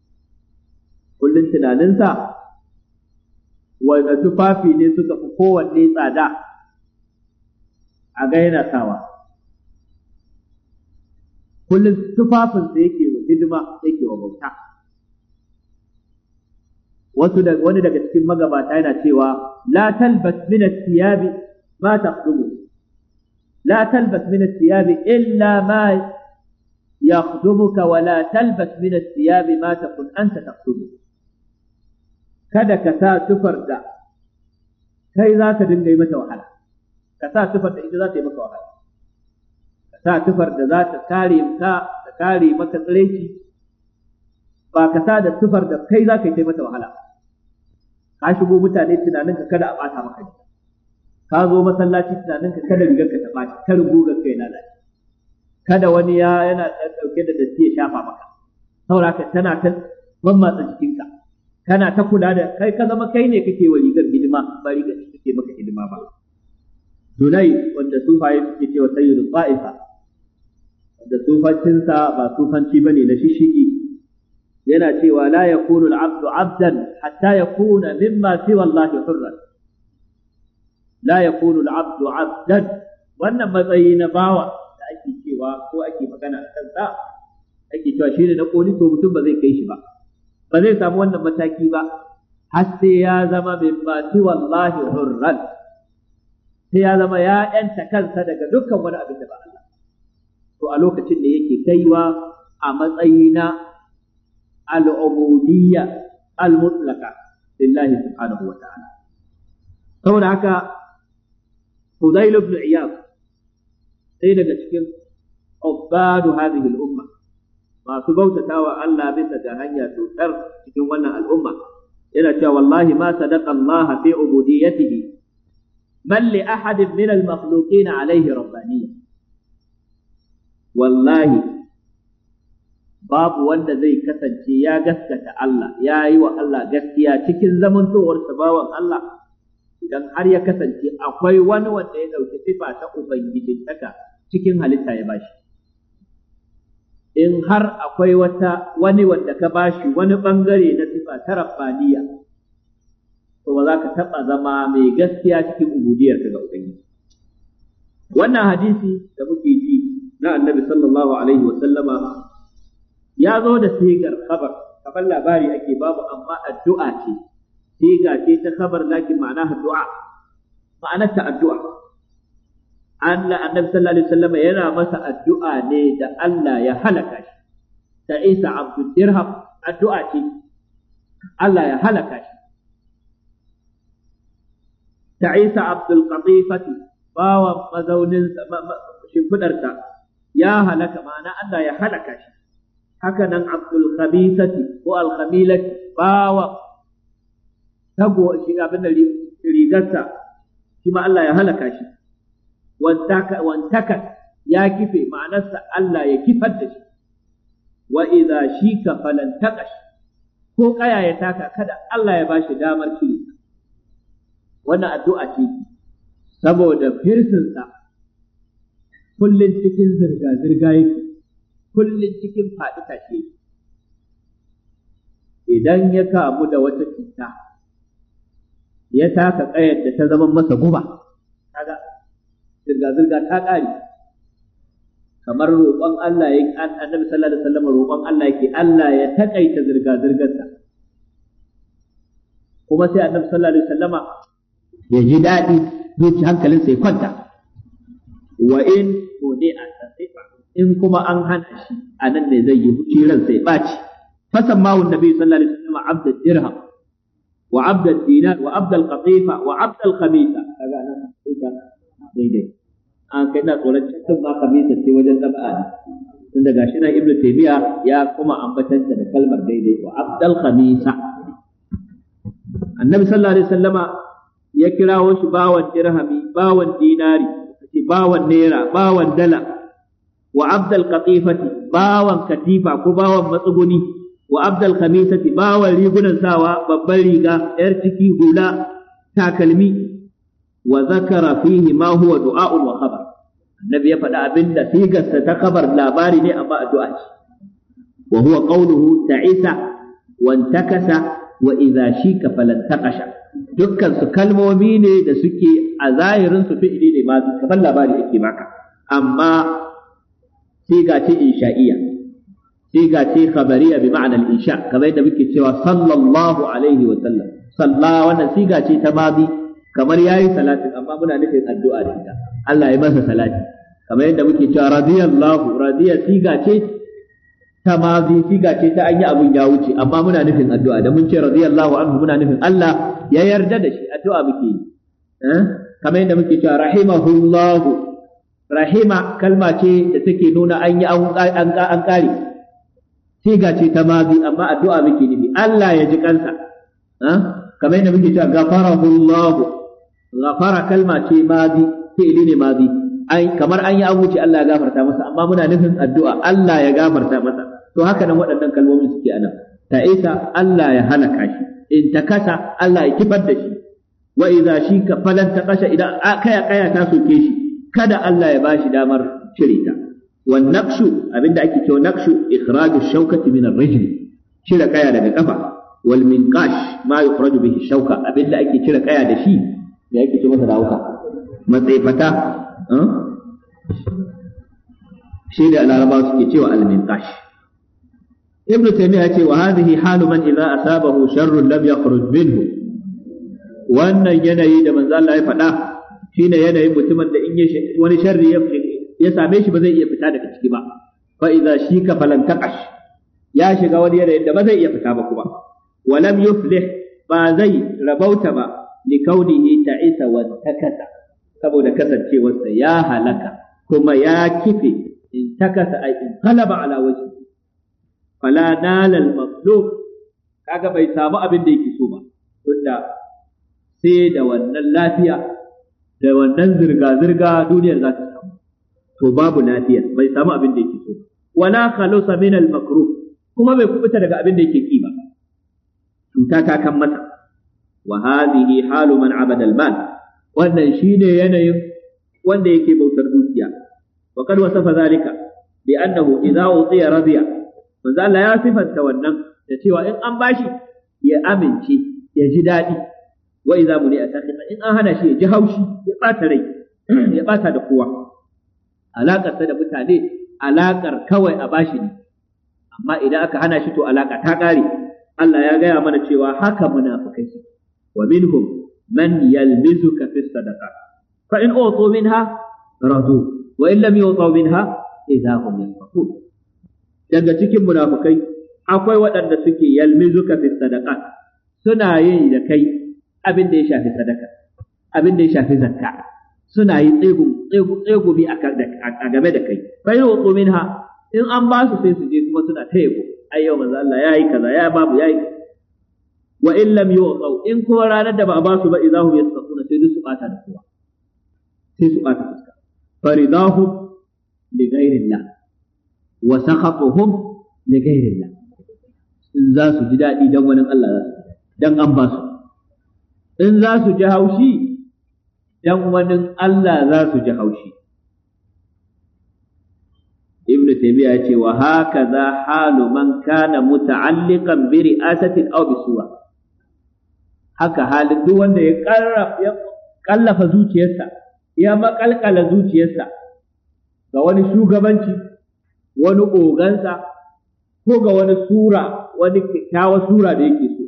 S1: kullum tunaninsa wanda tufafi ne suka fi kowanne tsada a ga yana sawa kullum tufafinsa yake wa hidima yake wa bauta wasu da wani daga cikin magabata yana cewa la talbas min athiyabi ma takhdumu la talbas min athiyabi illa ma yakhdubuka wa la talbas min athiyabi ma takun anta takhdumu kada ka sa tufar da kai za ka dinga yi mata wahala ka sa tufar da ita za ta yi maka wahala ka sa tufar da za ta kare ka ta kare maka tsireci ba ka sa da tufar da kai za ka yi mata wahala ka shigo mutane tunanin ka kada a bata maka ne ka zo masallaci tunanin ka kada rigar ka ta bata kar gugar kai da kada wani ya yana dauke da datti ya shafa maka saboda tana ta mammatsa jikinka kana ta kula da kai ka zama kai ne kake wa rigar hidima ba rigar kake maka hidima ba junai wanda sufaye suke cewa sayyidu ta'ifa wanda sufancinsa ba sufanci bane na shishigi yana cewa la yakunu al-abdu abdan hatta yakuna mimma siwa Allah hurran la yakunu al-abdu abdan wannan matsayi na bawa da ake cewa ko ake magana akan sa ake cewa shine na koli to mutum ba zai kai shi ba ba zai samu wannan mataki ba har sai ya zama mimma siwa wallahi hurran sai ya zama ya ‘yanta kansa daga dukkan wani abin da ba Allah. To a lokacin da yake kaiwa a matsayi na al'ubudiyya al-mutlaka lillahi subhanahu wa ta'ala. Saboda haka, Fudail ibn Iyab sai daga cikin ubbadu hadhihi al-umma masu bautatawa Allah bisa ga hanya tutar cikin wannan al'umma yana cewa wallahi ma sadaqa Allah fi ubudiyyatihi بل لأحد من المخلوقين عليه ربانية Wallahi babu wanda zai kasance ya gaskata Allah ya yi wa Allah gaskiya cikin zamantowarsa bawan Allah idan har ya kasance akwai wani wanda ya ɗauki sifa ta ubangijintaka cikin halitta ya bashi in har akwai wata wani wanda ka bashi wani ɓangare na sifa ta rabbaniya to ba za ka taɓa zama mai gaskiya cikin ubudiyarka ga ubangiji wannan hadisi da muke ji na annabi sallallahu alaihi wa sallama ya zo da sigar khabar kamar labari ake babu amma addu'a ce siga ce ta khabar lakin ma'ana addu'a ma'anar addu'a Allah annabi sallallahu alaihi wa sallama yana masa addu'a ne da Allah ya halaka shi ta Isa abdul dirham addu'a ce Allah ya halaka shi Ta Isa Abdul Qatifati bawan mazaunin shimfidarta ya halaka ma'ana Allah ya halaka shi haka nan Abdul Khabisati ko Al Khamilati bawan tago shi abin da rigarsa shi ma Allah ya halaka shi wantaka ya kife ma'anarsa Allah ya kifar da shi wa idza shika falan taqash ko kaya ya taka kada Allah ya bashi damar cire wannan addu'a ce saboda firsinsa kullum cikin zirga-zirga yake kullum cikin faɗi ce idan ya kamu da wata cuta ya taka ƙayar da ta zama masa guba kaga zirga-zirga ta ƙare kamar roƙon Allah ya annabi sallallahu alaihi wasallam roƙon Allah yake Allah ya taƙaita zirga-zirgarsa kuma sai annabi sallallahu alaihi wasallama ya ji daɗi zuci hankalinsa ya kwanta wa in kone a in kuma an hana shi a nan ne zai yi huci ransa ya ɓaci fasan mawun nabi sallallahu alaihi wasallam abdul dirham wa abdul dinar wa abdul qatifa wa abdul khamisa kaga nan sai ka daidai an kai na tsoron cikin ba kamisa sai wajen taba'a ne tun daga shi na ibnu taymiya ya kuma ambatanta da kalmar daidai wa abdul khamisa annabi sallallahu alaihi wasallama ya kirawo shi bawan dirhami bawan dinari ce bawan naira bawan dala wa abdal qatifati bawan katifa ko bawan matsuguni wa abdal khamisati bawan rigunan sawa babban riga yar ciki hula takalmi wa zakara fihi ma huwa du'a'un wa khabar annabi ya faɗa abinda sigarsa ta khabar labari ne amma addu'a ce wa huwa qawluhu ta'isa wa intakasa wa idza shika falan dukkan su kalmomi ne da suke a zahirin su fi'ili ne ba kamar labari yake maka. amma siga ce insha'iyya siga ce khabariya bi ma'anar insha kamar yadda muke cewa sallallahu alaihi wa sallam salla wannan siga ce ta babi kamar yayi salatin amma muna nufin addu'a da ita Allah ya masa salati kamar yadda muke cewa radiyallahu radiya siga ce ta mazi siga ce ta an yi abun ya wuce amma muna nufin addu'a da mun ce radiyallahu anhu muna nufin Allah ya yarda da shi addu'a muke yi eh? kamar yadda muke cewa rahimahullahu rahima kalma ce da take nuna an yi an an kare siga ce ta mazi amma addu'a muke nufi Allah ya ji kansa eh? kamar yadda muke cewa ghafarahullahu ghafara kalma ce mazi fi'ili ne mazi kamar an yi abuci Allah ya gafarta masa amma muna nufin addu'a Allah ya gafarta masa to haka nan waɗannan kalmomin suke anan ta isa Allah ya halaka shi in ta kasa Allah ya kifar da shi wa idza shi ka falan ta kasha idan kaya kaya ta soke shi kada Allah ya bashi damar cire ta wan naqshu abinda ake cewa naqshu ikhraju shawkati min ar-rijl cire kaya daga kafa wal minqash ma yukhraju bihi shawka abinda ake cire kaya da shi me ake ce masa da hauka matsaifata eh? shi da larabawa suke cewa al-minqash ibn taymiya ce wa hadhihi halu man idza asabahu sharrun lam yakhruj minhu wannan yanayi da manzo Allah ya faɗa shine yanayin mutumin da in ya wani sharri ya same shi ba zai iya fita daga ciki ba fa idza shika falan taqash ya shiga wani yanayin da ba zai iya fita ba kuma walam yuflih ba zai rabauta ba ta ta'isa wa takasa saboda kasancewarsa ya halaka kuma ya kife in takasa ay in qalaba ala fala nalal mazlum kaga bai samu abin da yake so ba tunda sai da wannan lafiya da wannan zirga zirga duniyar za ta samu to babu lafiya bai samu abin da yake so wala khalusa min al makruh kuma bai kubuta daga abin da yake ki ba cuta ta kammata. masa wa hadhihi halu man abada al mal wannan shine yanayin wanda yake bautar dukiya wa kad wasafa zalika bi annahu idza utiya radiya manzo Allah ya sifanta wannan da cewa in an bashi ya amince ya ji daɗi wa idza muni ataqifa in an hana shi ya ji haushi ya bata rai ya bata da kowa ta da mutane alaƙar kawai a bashi ne amma idan aka hana shi to alaƙa ta ƙare. Allah ya gaya mana cewa haka munafikai su wa minhum man yalmizuka fi sadaqa fa in utu minha radu wa in lam yutu minha idza hum yasfakun daga cikin munafukai akwai waɗanda suke zuka fi sadaka suna yin da kai abin da ya shafi sadaka abin da ya shafi zakka suna yi tsegumi a game da kai yi yau minha in an ba su sai su je kuma suna ta yabo ai yau manzo Allah yi kaza ya babu ya yi wa in lam yu'tau in kuma ranar da ba a ba su ba idahum suna sai su bata da kowa sai su bata fuska faridahu li ghairillah wa sakhatuhum li ghayrillah in za su ji daɗi dan wani Allah za su dan an ba su in za su ji haushi dan wani Allah za su ji haushi ibnu taymiya ce wa hakaza halu man kana muta'alliqan bi ri'asatin aw bi sura haka halin duk wanda ya karrafa ya kallafa zuciyarsa ya makalkala zuciyarsa ga wani shugabanci wani ogansa ko ga wani sura wani kyakkyawar sura da yake so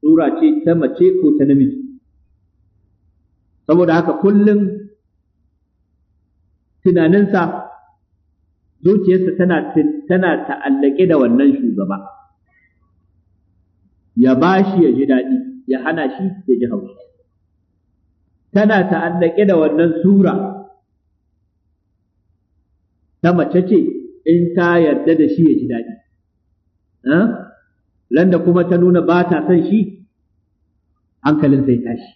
S1: sura ce ta mace ko ta namiji saboda haka kullum tunaninsa zuciyarsa tana tana ta'allake da wannan shugaba ya ba shi ya ji daɗi ya hana shi ya ji haushi tana ta'allake da wannan sura ta mace ce in ta yarda da shi ya ji daɗi landa kuma ta nuna ba ta son shi hankalin sai tashi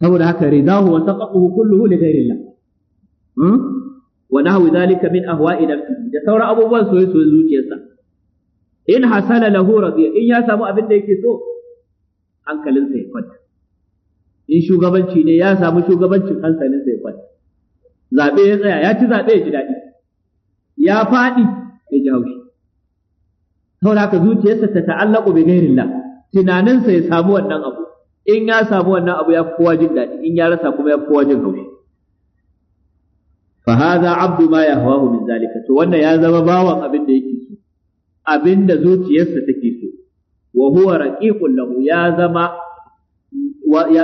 S1: saboda haka ridahu wa taqahu kulluhu li ghayrillah hmm? wa nahwi dhalika min ahwa'i nafsi da sauran abubuwan soyayya soyayya zuciyarsa in hasala lahu radiya in ya samu abin da yake so hankalin sai kwanta in shugabanci ne ya samu shugabancin hankalin sai kwanta zabe ya tsaya ya ci zabe ya ji daɗi ya faɗi ya ji haushi saboda haka zuciyarsa ta ta'allaku bi ghairillah tunaninsa ya samu wannan abu in ya samu wannan abu ya kowa jin daɗi in ya rasa kuma ya kowa jin haushi fa hadha abdu ma yahwahu min zalika to wannan ya zama bawan abin da yake so abin da zuciyarsa take so wa huwa raqiqun lahu ya zama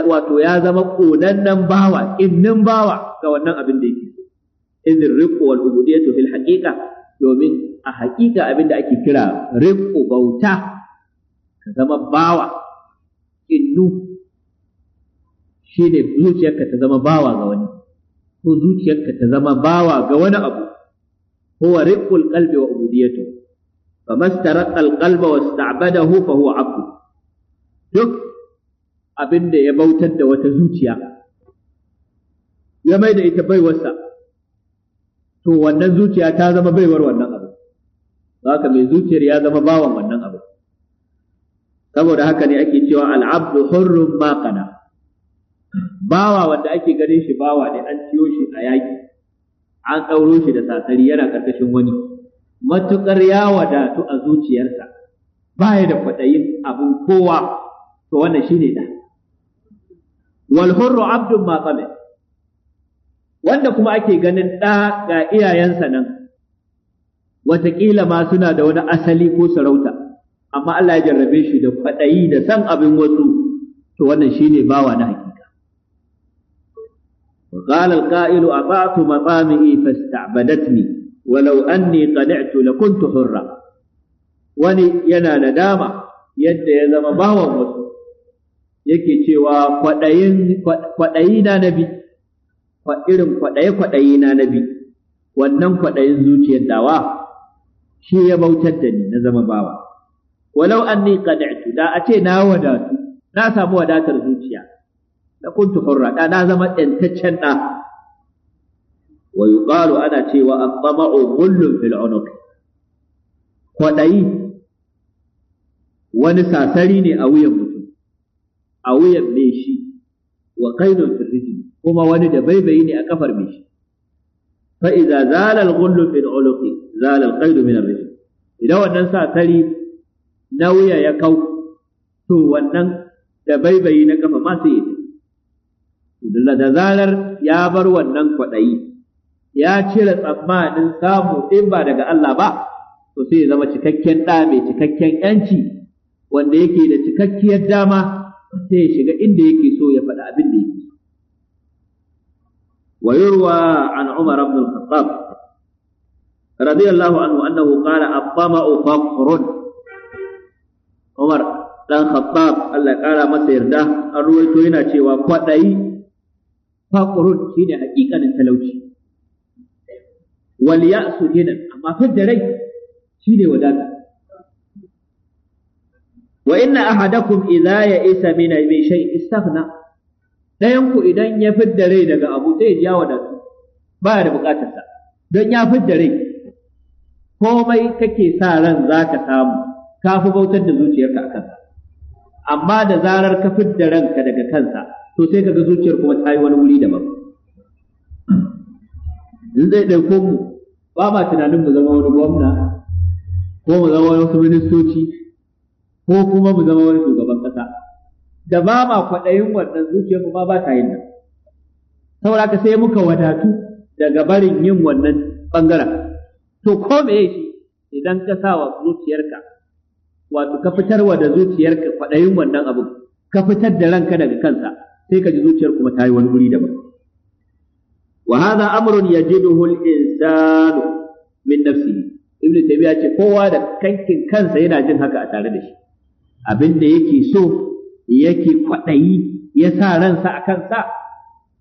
S1: wato ya zama konannen bawa innin bawa ga wannan abin da yake idin riƙo wal ubudiyatu fil haƙiƙa domin a haƙiƙa abin da ake kira riƙo bauta ka zama bawa innu shi ne zuciyarka ta zama bawa ga wani ko zuciyarka ta zama bawa ga wani abu ko wa riƙul qalbi wa ubudiyatu فما استرق القلب واستعبده فهو abdu. duk abin da ya bautar da wata zuciya ya mai da ita baiwarsa to wannan zuciya ta zama baiwar wannan abu haka mai zuciyar ya zama bawan wannan abu saboda haka ne ake cewa al'abdu hurrun maqana bawa wanda ake ganin shi bawa ne an ciyo shi a yaki an ɗauro shi da sasari yana karkashin wani matukar ya wadatu a zuciyarsa baya da kwaɗayin abin kowa to wannan shine da wal hurru abdun maqana wanda kuma ake ganin ɗa ga iyayensa nan wataƙila ma suna da wani asali ko sarauta amma Allah ya jarrabe shi da kwaɗayi da san abin wasu to wannan shine bawa na hakika وقال القائل أضعت مطامئي فاستعبدتني ولو أني قنعت لكنت حرا yana nadama yadda ya zama bawan wasu. yake cewa kwaɗayi na nabi irin kwaɗaye-kwaɗaye na nabi wannan kwaɗayen zuciyar dawa shi ya bautar da ni na zama bawa walau anni qad'tu da a ce na wadatu na samu wadatar zuciya da kuntu hurra da na zama tsantaccen da wa yuqalu ana cewa at-tama'u ghullun fil unuq kwaɗayi wani sasari ne a wuyan mutum a wuyan mai shi wa qaidun kuma wani da baibayi ne a kafar mishi. shi fa idza zala al-ghullu al uluqi zala al-qaidu min ar-rijl idan wannan sa tari nauya ya kau to wannan da baibayi na kafa ma sai idan da zarar ya bar wannan kwaɗayi ya cire tsammanin samu in ba daga Allah ba to sai ya zama cikakken ɗa mai cikakken ‘yanci wanda yake da cikakkiyar dama sai ya shiga inda yake ويروى عن عمر بن الخطاب رضي الله عنه أنه قال الطمع فقر عمر dan Khattab Allah ya kara masa yarda an ruwaito yana cewa kwaɗayi faƙurun shine haƙiƙanin talauci wal ya'su dinan amma fidda rai shine wadata wa inna ahadakum idza ya'isa min shay'in na? ɗayan ku idan ya fidda rai daga abu sai ya wadatu ba ya da bukatar sa don ya fidda rai komai kake sa ran za ka samu ka fi bautar da zuciyarka a kansa amma da zarar ka fidda ranka daga kansa to sai ka ga zuciyar kuma ta yi wani wuri daban in zai ɗauko mu ba ma tunanin mu zama wani gwamna ko mu zama wasu ministoci ko kuma mu zama wani shugaba da ba ma kwaɗayin wannan zuciyar ma ba ta yin nan saboda haka sai muka wadatu daga barin yin wannan bangaren to ko me shi idan ka sa wa zuciyarka wato ka wa da zuciyarka kwaɗayin wannan abu ka fitar da ranka daga kansa sai ka ji zuciyar kuma ta yi wani wuri daban wa hadha amrun yajiduhu al-insanu min nafsi? Ibn taymiya ce kowa da kankin kansa yana jin haka a tare da shi abin da yake so yake kwaɗayi ya sa ransa a kansa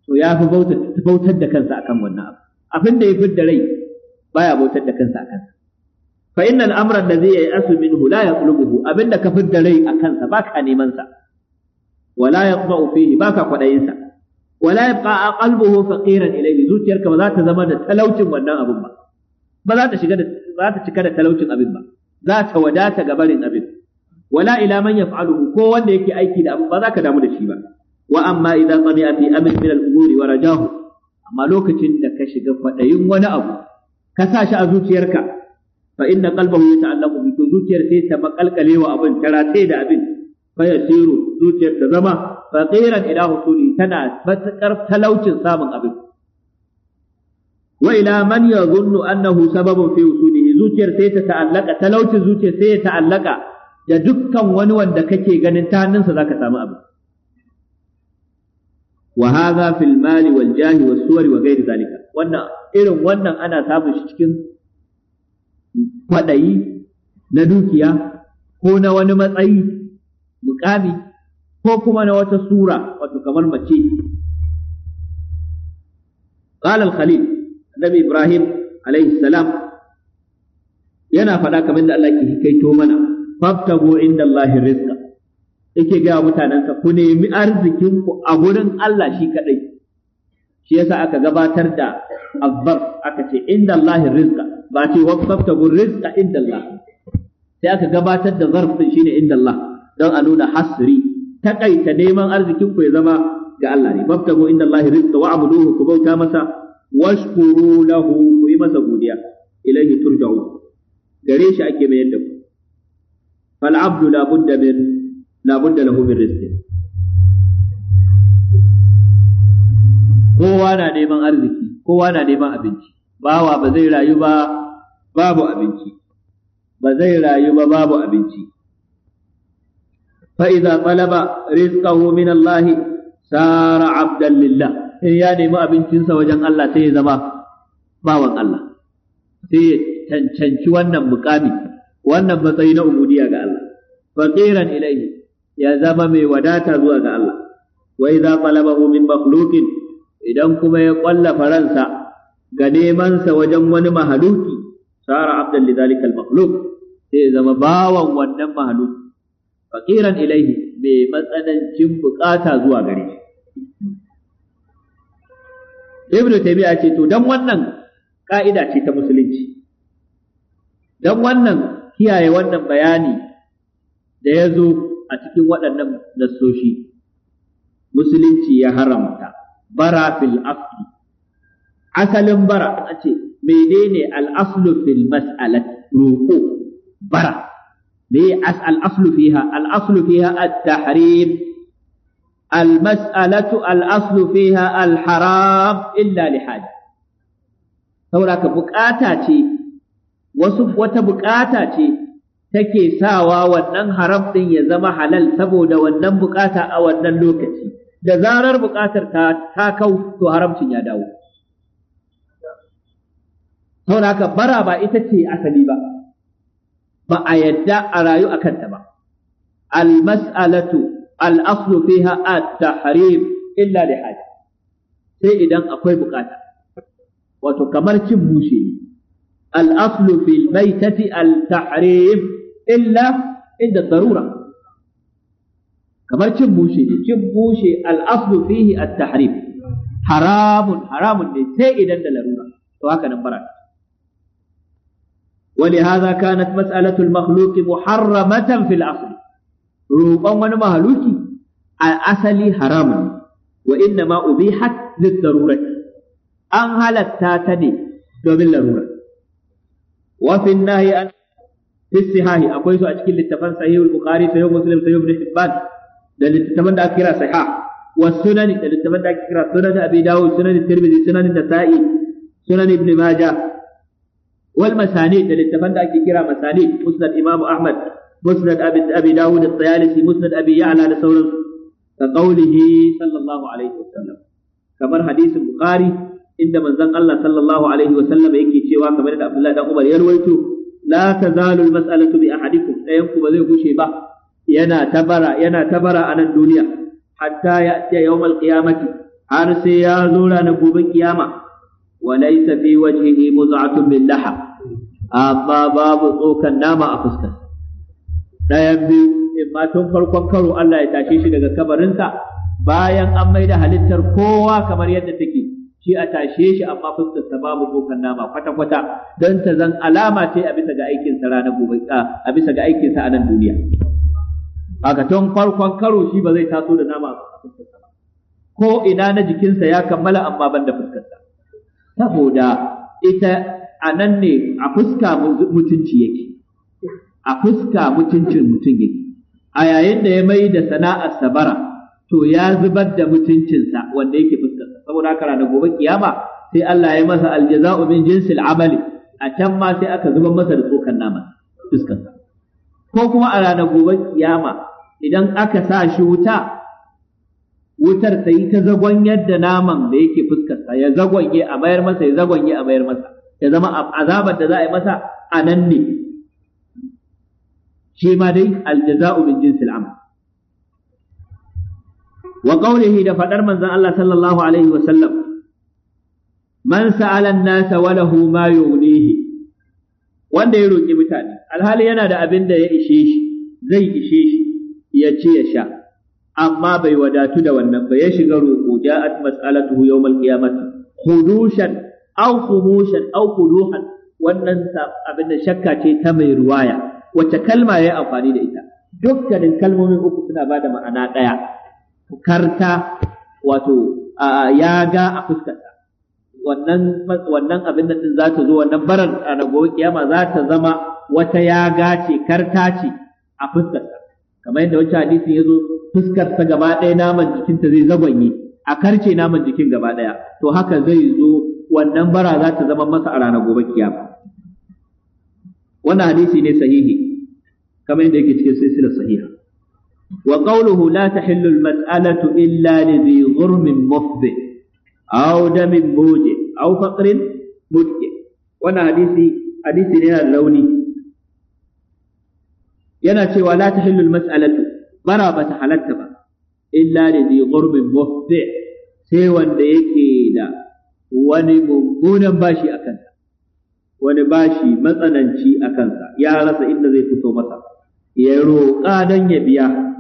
S1: to ya fi bautar da kansa a kan wannan abu abin da ya fi da rai baya bautar da kansa a kansa. fa innal amra allazi ya'asu minhu la yaqlubuhu abin da ka fi da rai akan sa baka neman sa wala yaqba'u fihi baka kwaɗayin sa wala yabqa qalbuhu faqiran ilayhi zuciyarka ba za ta zama da talaucin wannan abin ba ba za ta shiga da za ta cika da talaucin abin ba za ta wadata gabarin abin wala ila man yaf'aluhu ko wanda yake aiki da abu ba za ka damu da shi ba wa amma idza tami'a fi amrin min al-umuri wa rajahu amma lokacin da ka shiga fadayin wani abu ka sa shi a zuciyarka fa inna qalbahu yata'allaqu bi zuciyar sai ta makalkalewa abin tara sai da abin fa yasiru zuciyar ta zama faqiran ila husuli tana talaucin samun abin wa ila annahu zuciyar talaucin zuciyar da dukkan wani wanda kake ganin ta hannunsa za ka samu abu wa haza fil mali wal jahi wa suwari wa ghairi zalika wannan irin wannan ana samun shi cikin kwaɗayi na dukiya ko na wani matsayi mukami ko kuma na wata sura wato kamar mace قال الخليل النبي إبراهيم عليه السلام yana faɗa kamar da Allah ke hikaito mana fabtagu inda Allahi rizqa yake ga mutanensa ku nemi arzikin ku a gurin Allah shi kadai shi yasa aka gabatar da azbar aka ce inda Allahi rizqa ba ce fabtagu rizqa inda Allah sai aka gabatar da zarfin shine inda Allah don a nuna hasri takaita neman arzikin ku ya zama ga Allah ne fabtagu inda Allahi rizqa abuduhu ku bauta masa washkuru lahu ku yi masa godiya ilaihi turja'u gare shi ake mayar da ku fal abdu la budda min la budda kowa na neman arziki kowa na neman abinci bawa ba zai rayu ba babu abinci ba zai rayu ba babu sara abdan in ya nemi abincinsa wajen Allah sai zama bawan Allah cancanci wannan mukami wannan matsayi na ubudiya ga faqiran ilayhi ya zama mai wadata zuwa ga Allah wa idza talabahu min makhluqin idan kuma ya ƙwalla faransa ga neman sa wajen wani mahaluki sara abdan lidhalika al-makhluq sai ya zama bawan wannan mahaluki faqiran ilayhi mai matsanancin bukata zuwa gare shi Ibn Taymiyyah ce to dan wannan ka'ida ce ta musulunci dan wannan kiyaye wannan bayani da ya zo a cikin waɗannan nassoshi musulunci ya haramta bara fil asli asalin bara a ce menene al-aslu fil mas'alat roƙo bara me al-aslu fiha al fiha at-tahrim al-mas'alatu al-aslu fiha al-haram illa li haja saboda ce wasu wata bukata ce take sawa wannan haram ɗin ya zama halal saboda wannan bukata a wannan lokaci da zarar bukatar ta, ta kau to haramcin ya dawo saboda haka bara ba ita ce asali ba ba a yadda a rayu a kanta ba almas'alatu al'aslu fiha at-tahrim illa li haja sai idan akwai bukata wato kamar cin al al'aslu fil baitati al-tahrim illa inda darura kamar cin bushe ne cin bushe al'aslu fihi at-tahrim haramun haramun ne sai idan da larura to ولهذا كانت مسألة المخلوق محرمة في الأصل روقان wani mahaluki asali haramun wa inna ma ubihat lidarurati an halatta ta ne domin larura wa sihahi akwai su a cikin littafan sahihul bukhari sahih muslim sahih ibn hibban da littafan da aka kira sahih wa sunan da littafan da aka kira sunan abi dawud sunan tirmidhi sunan nasa'i ibn majah wal masanid da littafan da ake kira masanid musnad imam ahmad musnad abi dawud at musnad abi da sauransu ka qaulihi sallallahu alaihi wasallam kamar hadisin bukhari inda manzon Allah sallallahu alaihi wasallam yake cewa kamar da Abdullah Umar ya la tazalu mas'alatu bi ahadikum ɗayan ku ba zai gushe ba yana tabara yana tabara a nan duniya hatta ya'tiya yawmal qiyamati har sai ya zo ranar gobe kiyama wa laysa fi wajhihi muz'atu min laha amma babu tsokan nama a fuskar ɗayan biyu in ma tun farkon karo Allah ya tashe shi daga kabarinsa bayan an maida halittar kowa kamar yadda take shi a tashe shi amma fuskar ta babu bokan nama kwata kwata don ta zan alama ce a bisa ga aikin sa ranar gobe a bisa ga aikin sa a nan duniya haka ton farkon karo shi ba zai taso da nama a fuskar ba ko ina na jikinsa ya kammala amma ban da fuskar sa saboda ita a nan ne a fuska mutunci yake a fuska mutuncin mutum yake a yayin da ya mai da sana'ar sabara to ya zubar da mutuncinsa wanda yake fuskarsa saboda haka ranar gobe kiyama sai Allah ya masa aljaza'u min jinsil amali a can ma sai aka zubar masa da tsokan nama fuskarsa ko kuma a ranar gobe kiyama idan aka sa shi wuta wutar ta yi ta zagon yadda naman da yake fuskarsa ya zagonye a mayar masa ya zagonye a mayar masa ya zama azabar da za a yi masa a nan ne shi ma dai aljaza'u min wa qawlihi da fadar manzon Allah sallallahu alaihi wa man sa'ala an-nas wa lahu ma wanda ya roki mutane alhali yana da abin da ya ishe shi zai ishe shi ya ce ya sha amma bai wadatu da wannan ba ya shiga roƙo ja'at mas'alatuhu yawmal qiyamati khudushan aw khumushan aw quduhan wannan abin da shakka ce ta mai ruwaya Wace kalma ya amfani da ita dukkanin kalmomin uku suna ba da ma'ana ɗaya karta wato ya ga a fuskarta. wannan wannan abin nan za ta zo wannan barar a gobe kiyama za ta zama wata ya ga ce karta ce a fuskarta. kamar yadda wancan hadisin ya zo ta gaba ɗaya naman jikinta zai zagwanye a karce naman jikin gaba ɗaya to haka zai zo wannan bara za ta zama masa a ranar gobe kiyama wannan hadisi ne sahihi kamar yadda yake cikin silsilar sahiha wa qawluhu la tahillu al-mas'alatu illa li bi ghurmin mufdi aw damin muji aw faqrin mutki wannan hadisi hadisi ne yana launi yana cewa la tahillu al-mas'alatu bara ba ta ba sai wanda yake da wani mummunan bashi a kansa wani bashi matsananci a kansa ya rasa inda zai fito masa ya roƙa don ya biya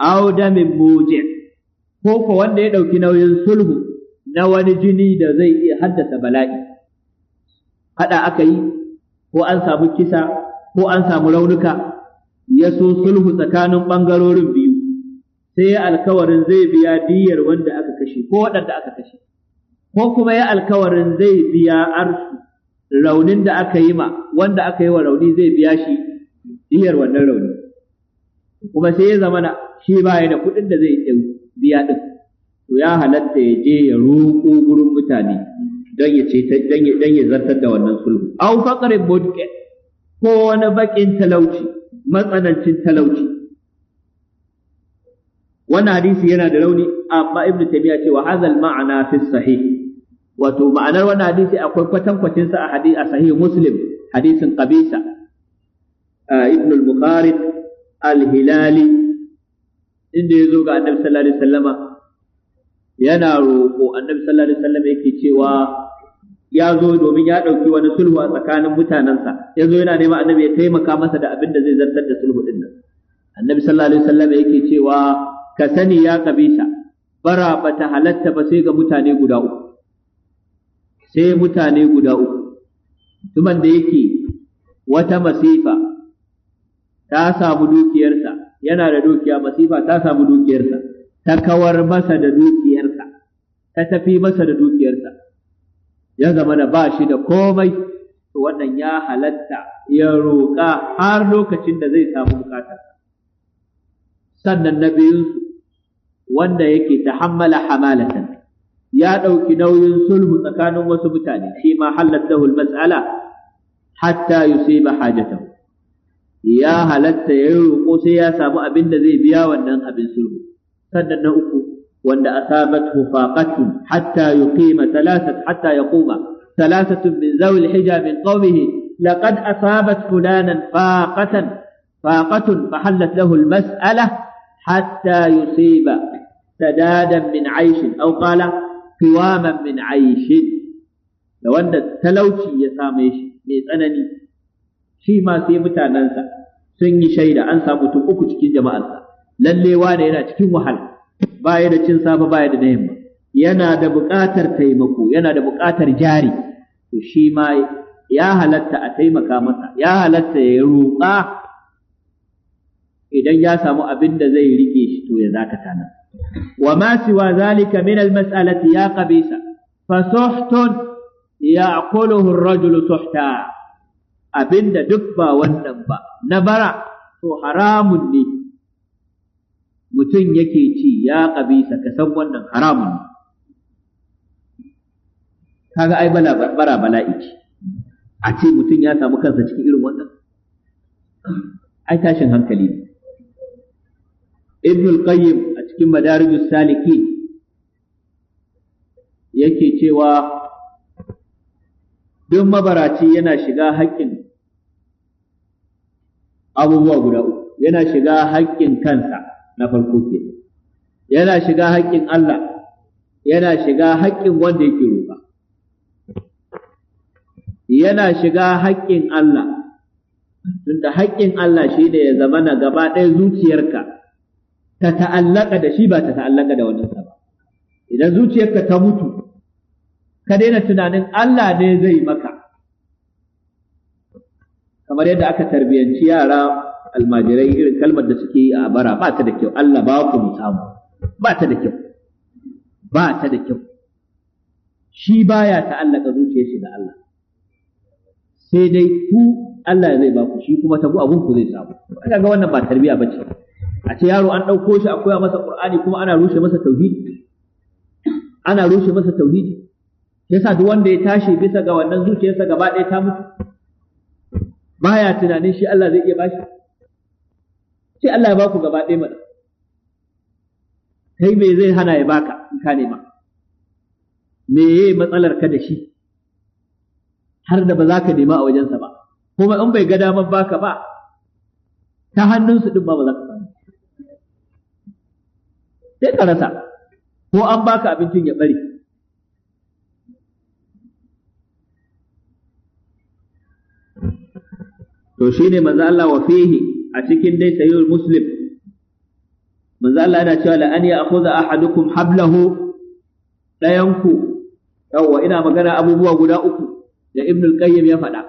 S1: aw damin muje. ko ko wanda ya dauki nauyin sulhu na wani jini da zai iya haddasa bala'i hada aka yi ko an samu kisa ko an samu raunuka ya so sulhu tsakanin bangarorin biyu sai ya alkawarin zai biya diyar wanda aka kashe ko waɗanda aka kashe ko kuma ya alkawarin zai biya arsu raunin da aka yi ma wanda aka yi wa rauni zai biya shi diyar wannan rauni kuma sai ya zamana shi ba ya da kuɗin da zai biya ɗin to ya halatta ya je ya roƙo gurin mutane don ya don ya zartar da wannan sulhu au faqrin bodke ko wani baƙin talauci matsanancin talauci wannan hadisi yana da rauni amma ibnu taymiya ce wa hadal ma'ana fi sahih wato ma'anar wannan hadisi akwai kwatin sa a hadisi a sahih muslim hadisin qabisa ah, ibn al-bukhari al-hilali inda ya zo ga annabi sallallahu alaihi wasallama yana roƙo annabi sallallahu alaihi wasallama yake cewa ya zo domin ya ɗauki wani sulhu a tsakanin mutanensa ya zo yana neman annabi ya taimaka masa da abin da zai zartar da sulhu din nan annabi sallallahu alaihi wasallam yake cewa ka sani ya kabisa bara bata halatta ba sai ga mutane guda uku sai mutane guda uku mutumin da yake wata masifa ta samu dukiyarsa yana da dukiya masifa ta samu dukiyarsa ta kawar masa da dukiyarsa ta tafi masa da dukiyarsa ya zama da ba shi da komai to wannan ya halatta ya roƙa har lokacin da zai samu bukata sannan na biyunsu wanda yake ta hammala hamalatan ya ɗauki nauyin sulhu tsakanin wasu mutane shi ma halatta mas'ala hatta yusiba hajatahu ya halatta ya roƙo sai ya samu abin da zai biya wannan abin sulhu sannan na uku wanda asabathu faqatun hatta yuqima thalathat hatta yaquma thalathatun min zawil hija min qawmihi laqad asabat fulanan faqatan faqatun fahallat lahu almas'ala hatta yusiba sadadan min aishin aw qala qiwaman min aishin da wanda talauci ya same shi mai tsanani shi ma sai mutanensa sun yi shaida an samu mutum uku cikin jama'arsa lalle wane yana cikin wahala baya da cin safa baya da na yamma yana da buƙatar taimako yana da buƙatar jari to shi ma ya halatta a taimaka masa ya halatta ya roƙa idan ya samu abin da zai rike shi to ya zakata nan wa ma siwa zalika min al mas'alati ya qabisa fa suhtun ya'kuluhu ar-rajulu suhta abinda duk ba wannan ba na bara to haramun ne mutum yake ci ya kabisa ka san wannan haramun ne kaga ai bala bara bala'i ce a ce mutum ya samu kansa cikin irin wannan ai tashin hankali ne ibnul qayyim a cikin madarijus saliki yake cewa duk mabaraci yana shiga haƙƙin abubuwa guda uku yana shiga haƙƙin kansa na farko ke yana shiga haƙƙin Allah yana shiga haƙƙin wanda yake roƙa yana shiga haƙƙin Allah tunda haƙƙin Allah shi ne ya zama na gaba ɗaya zuciyarka ta ta'allaka da shi ba ta ta'allaka da wani ba idan zuciyarka ta mutu ka daina tunanin Allah ne zai maka kamar yadda aka tarbiyanci yara almajirai irin kalmar da suke yi a bara ba ta da kyau Allah ba ku samu ba ta da kyau ba ta da kyau shi baya ta'allaka zuciyar shi da Allah sai dai ku Allah zai ba ku shi kuma tabu abun ku zai samu kaga ga wannan ba tarbiya bace a ce yaro an ɗauko shi a koya masa Qur'ani kuma ana rushe masa tauhidi ana rushe masa tauhidi yasa duk wanda ya tashi bisa ga wannan zuciyarsa gaba ɗaya ta mutu baya tunanin shi Allah zai iya bashi sai Allah ya baku gaba ɗaya mana kai me zai hana ya baka in ka nema me ye matsalar ka da shi har da ba za ka nema a wajensa ba kuma in bai ga damar baka ba ta hannunsu din ba ba za ka samu sai ka rasa ko an baka abincin ya bari to shine manzo Allah wa fihi a cikin dai sayyid muslim manzo Allah yana cewa la an ya'khudha ahadukum hablahu dayanku yawa ina magana abubuwa guda uku da ibn al-qayyim ya faɗa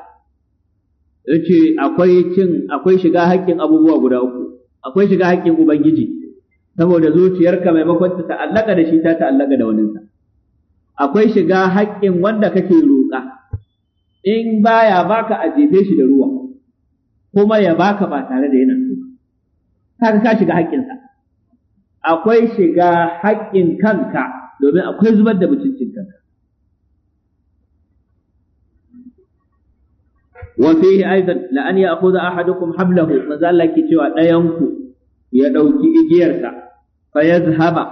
S1: yace akwai cin akwai shiga haƙƙin abubuwa guda uku akwai shiga haƙƙin ubangiji saboda zuciyarka maimakon ta ta'allaka da shi ta ta'allaka da waninsa akwai shiga haƙƙin wanda kake roƙa in baya baka a jefe shi da ruwa kuma ya baka ba tare da yana so kaga ka shiga haƙƙinsa akwai shiga haƙƙin kanka domin akwai zubar da mutuncin kanka wa fihi aidan la an ya'khudha ahadukum hablahu manzo Allah ke cewa ɗayan ku ya ɗauki igiyarsa fa yazhaba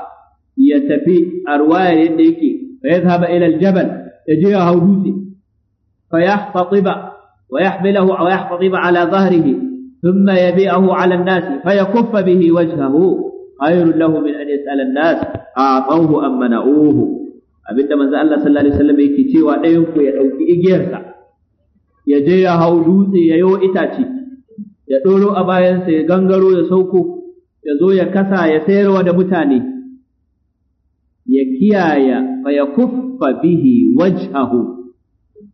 S1: ya tafi a ruwayar yadda yake fa yazhaba ilal aljabal ya je ya hau dutse fa ba. ويحمله أو يحفظ على ظهره ثم يبيعه على الناس فيكف به وجهه خير له من أن يسأل الناس أعطوه أم منعوه أبدا من زال صلى الله عليه وسلم يكتي وعليك ويأوك إجيرك يجي هولوز ييو إتاتي يدولو أبا ينسي غنغرو يسوكو يزو يكسا يسير ودبتاني يكيايا فيكف به وجهه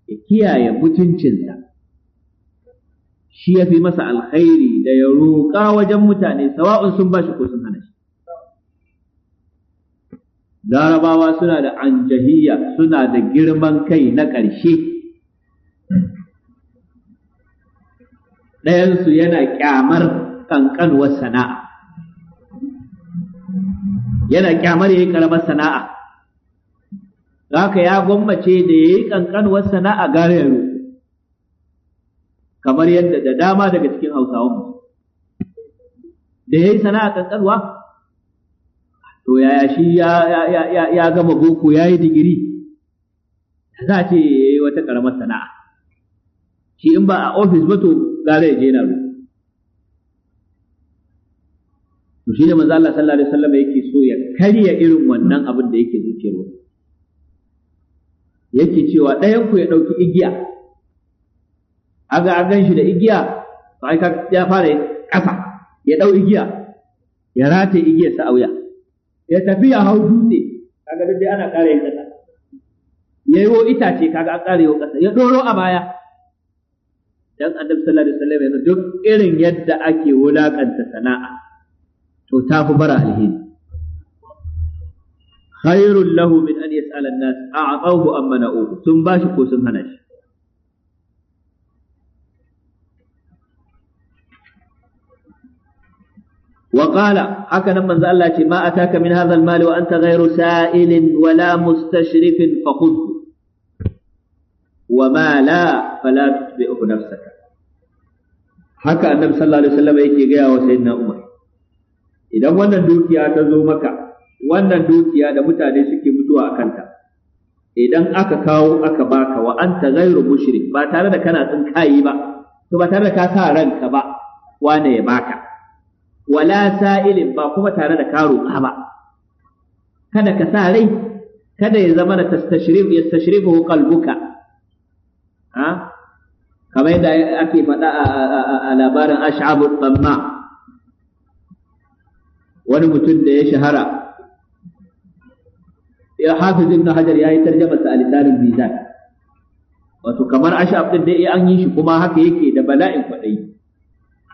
S1: يكيايا متنشنزك shi ya fi masa alkhairi da ya roƙa wajen mutane sawa'un sun ba shi ko sun hana shi larabawa suna da anjahiyya suna da girman kai na ƙarshe ɗayansu yana ƙyamar ƙanƙanuwar sana'a yana ƙyamar ya yi ƙaramar sana'a ka ya gwammace da ya yi ƙanƙanuwar sana'a gare ya kamar yadda da dama daga cikin Hausawa mu da yayi sana'a kankanwa to yaya shi ya ya ya ya gama boko yayi digiri za a ce yi wata karamar sana'a shi in ba a ofis ba to gara ya je na to shi da manzo Allah sallallahu alaihi wasallam yake so ya karya irin wannan abin da yake zuciyarwa yake cewa ɗayan ku ya ɗauki igiya aga an gan shi da igiya to ai ya fara ƙasa ya dau igiya ya rata igiya sa auya ya tafi ya hau dutse kaga dai ana ƙara yin ƙasa ya yi itace kaga an ƙara yin ƙasa ya doro a baya dan annabi sallallahu alaihi wasallam yana duk irin yadda ake wulakanta sana'a to ta fi bara alheri khairul lahu min an yas'ala an-nas a'tahu amma na'u sun bashi ko sun hana shi wa qala haka nan manzo Allah ce ma ataka min hadha al-mal wa anta ghayru sa'ilin wa la mustashrifin fa khudhu wa ma haka annabi sallallahu alaihi wasallam yake gaya wa sayyidina Umar idan wannan dukiya ta zo maka wannan dukiya da mutane suke mutuwa a kanta idan aka kawo aka baka wa anta ba tare da kana tsinkayi ba to da ka sa ba kwana ya baka wala sa'ilin ba kuma tare da karo ba kada ka sa rai kada ya zama da tastashrif yastashrifu qalbuka ha kamar yadda ake faɗa a labarin ash'abu tsamma wani mutum da ya shahara ya hafiz ibn hajar yayi tarjama sa alisanin bizan wato kamar ash'ab ɗin dai an yi shi kuma haka yake da bala'in kwaɗayi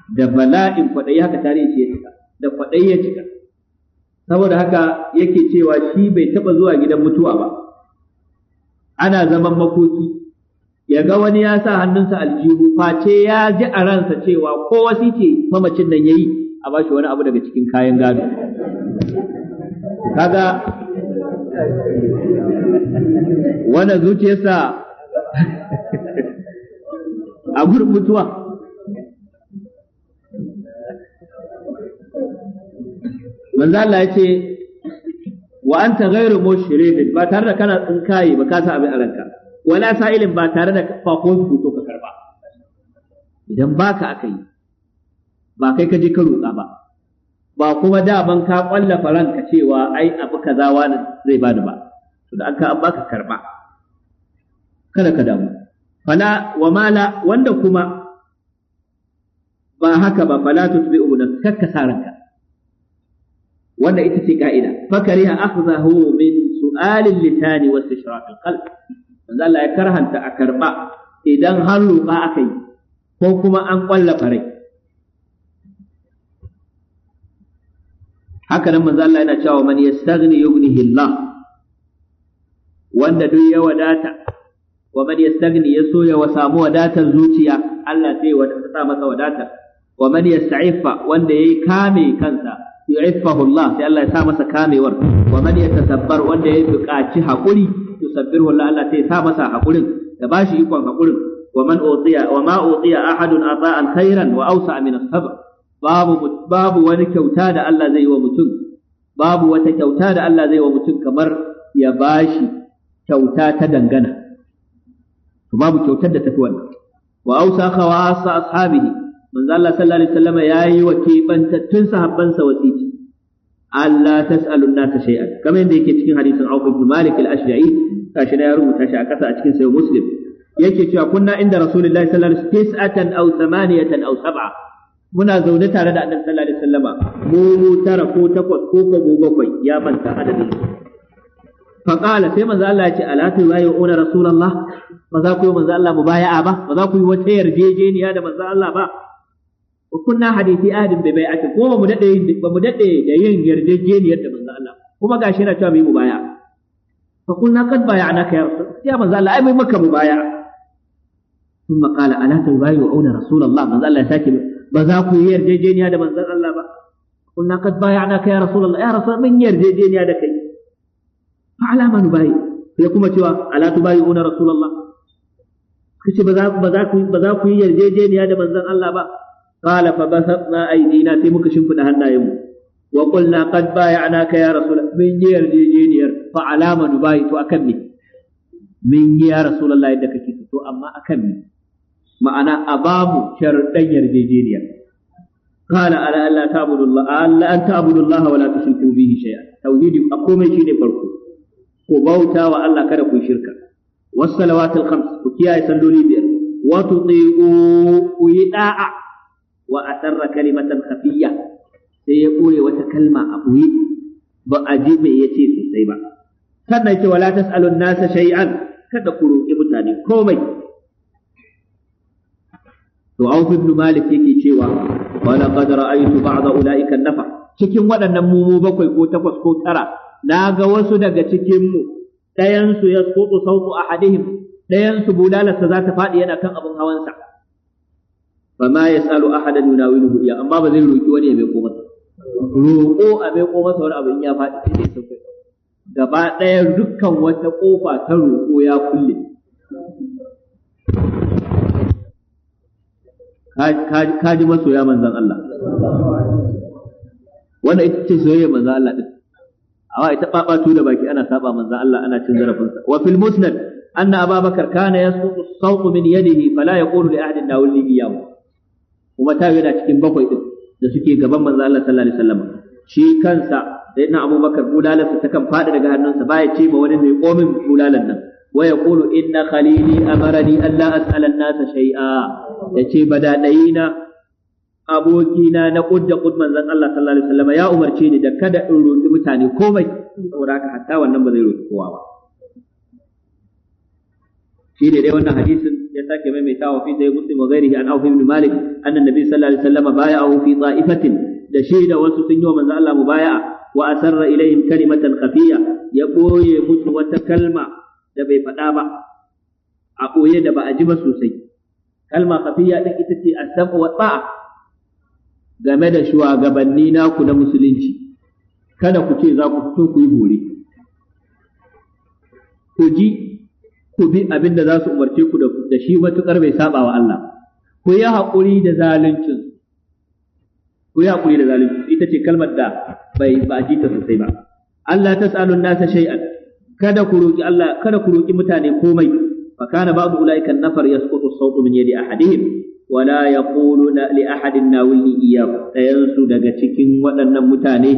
S1: da bala'in kwaɗayi haka tarihin shi ya cika da kwaɗayi ya cika saboda haka yake cewa shi bai taɓa zuwa gidan mutuwa ba ana zaman makoki ya ga wani ya sa hannunsa aljihu face ya ji a ransa cewa ko wasu ce mamacin nan ya yi a ba shi wani abu daga cikin kayan gado kaga wani zuciyarsa a gurin mutuwa
S2: manzo Allah ya ce
S1: wa anta ghairu mushrikin ba tare da kana tsinkaye ba ka sa abin aranka wala sa'ilin ba tare da fakon su to ka karba idan baka akai ba kai ka je ka roƙa ba ba kuma daman ka kwallafa ranka cewa ai abu kaza wani zai bani ba to da an baka karba kada ka damu fala wa mala wanda kuma ba haka ba fala tutbi'u nafsaka saranka wanda ita ce ka'ida fakariha akhdahu min su'alil lisani wa istishraqil qalb manzo Allah ya karhanta a karba idan har roƙa akai ko kuma an kwalla farai haka nan manzo Allah yana cewa man yastaghni yughnihi Allah wanda duk ya wadata wa man yastaghni yaso ya samu wadatar zuciya Allah zai wadata masa wadata, wa man yasta'ifa wanda yayi kame kansa yu'iffahu Allah sai Allah ya sa masa kamewar wa man yatasabbar wanda ya buƙaci hakuri yusabbiru Allah Allah sai ya sa masa hakurin da bashi ikon hakurin wa man utiya wa ma utiya ahadun ata'an khairan wa awsa min as-sabr babu babu wani kyauta da Allah zai yi wa mutum babu wata kyauta da Allah zai yi wa mutum kamar ya bashi kyauta ta dangana babu kyautar da tafi wannan wa awsa khawasa ashabihi manzo Allah sallallahu alaihi wasallam yayi wa kebantattun sahabbansa wasici Allah tas'alun nasa shay'an kamar yadda yake cikin hadisin Auf ibn Malik al-Ashja'i tashi na ya rubuta shi a ƙasa a cikin sayo Muslim yake cewa kunna inda Rasulullahi sallallahu alaihi wasallam tis'atan aw thamaniyatan aw sab'a muna zaune tare da Annabi sallallahu alaihi wasallama mu tara ko takwas ko ko mu bakwai ya manta adadin fa qala sai manzo ce ala tuwayyuna Rasulullah ba za ku yi manzo Allah mubaya'a ba ba za yi wata yarjejeniya da ba kunna hadisi adin bai bai'ati ko ba mu dade ba mu dade da yin yarjejeniyar da manzo Allah kuma gashi yana cewa mu yi mubaya fa kunna kad bay'ana ya rasul ya manzo Allah ai mai maka mubaya thumma kala ala auna rasulullah manzo Allah ya sake ba za ku yi yarjejeniya da manzo Allah ba kunna bay'ana ka ya rasulullah ya rasul mun yarjejeniya da kai fa ala man bayi sai kuma cewa ala auna rasulullah kace ba za ku ba za ku yi yarjejeniya da manzo Allah ba qala fa basatna aydina sai muka shimfida hannayenmu wa qulna qad bay'anaka ya rasul min yi yarjejeniyar fa alama nubayi to akan me min yi ya rasulullahi da kake to amma ma'ana a babu sharuɗan yarjejeniya قال على ألا تعبدوا الله ألا أن تعبدوا الله ولا تشركوا به شيئا توحيد أقوم شيء فرقه وبوتا وألا كركوا شركا والصلوات الخمس وكيا يصلوا بير وتطيعوا ويطاع wa asarra kalimatan khafiyya sai ya kore wata kalma a ɓoye ba a ji me yace sosai ba sannan ce wala tas'alun nasa shay'an kada ku roƙi mutane komai to Auf ibn Malik yake cewa wa laqad ra'aytu ba'd ulaika nafa cikin waɗannan mumu bakwai ko takwas ko tara na ga wasu daga cikin mu ɗayan su ya sautu sautu ahadihim ɗayan su bulalarsa za ta faɗi yana kan abin hawansa fa ma yasalu wani yunawiluhu iya amma ba zai roƙi wani ya bai ko masa roƙo a bai ko masa wani abu in ya faɗi sai dai sauka gaba ɗaya dukkan wata ƙofa ta roƙo ya kulle ka ji masoya manzan Allah wannan ita ce soyayya manzan Allah din awa ita babatu da baki ana saba manzan Allah ana cin zarafinsa wa fil musnad anna ababakar kana yasqutu sawtu min yadihi fala yaqulu li ahadin nawli iyyahu kuma ta yana cikin bakwai din da suke gaban manzo Allah sallallahu alaihi wasallam shi kansa sayyidina Abubakar bulalarsa ta kan faɗi daga hannunsa baya ce ma wani mai komin bulalan nan wa yaqulu inna khalili amarani alla as'ala an-nasa shay'a yace badadaina abokina na kudda kud manzon Allah sallallahu alaihi wasallam ya umarce ni da kada in roƙi mutane komai saboda haka hatta wannan ba zai roƙi kowa ba shi ne wannan hadisin ya sake maimaitawa fi sai muslim wa ghairihi an awfi ibn malik anna nabi sallallahu alaihi wasallam baya'ahu fi ta'ifatin da shi da wasu sun yi wa manzo Allah a. wa asarra ilaihim kalimatan khafiya ya boye musu wata kalma da bai faɗa ba a boye da ba a ji ba sosai kalma khafiya din ita ce as-sam'u wa game da shugabanni naku na musulunci kada ku ce za ku fito ku yi bore ku ji ku bi abin da za su umarce ku da shi matuƙar bai saba wa Allah ku yi haƙuri da zaluncin ku yi haƙuri da ita ce kalmar da bai ba ji ta sosai ba Allah tas'alun nasa shay'an kada ku roki Allah kada ku roki mutane komai fa kana ba'du ulaika nafar yasqutu as-sawtu min yadi ahadihim wala yaquluna li ahadin nawilni iyyahu su daga cikin waɗannan mutane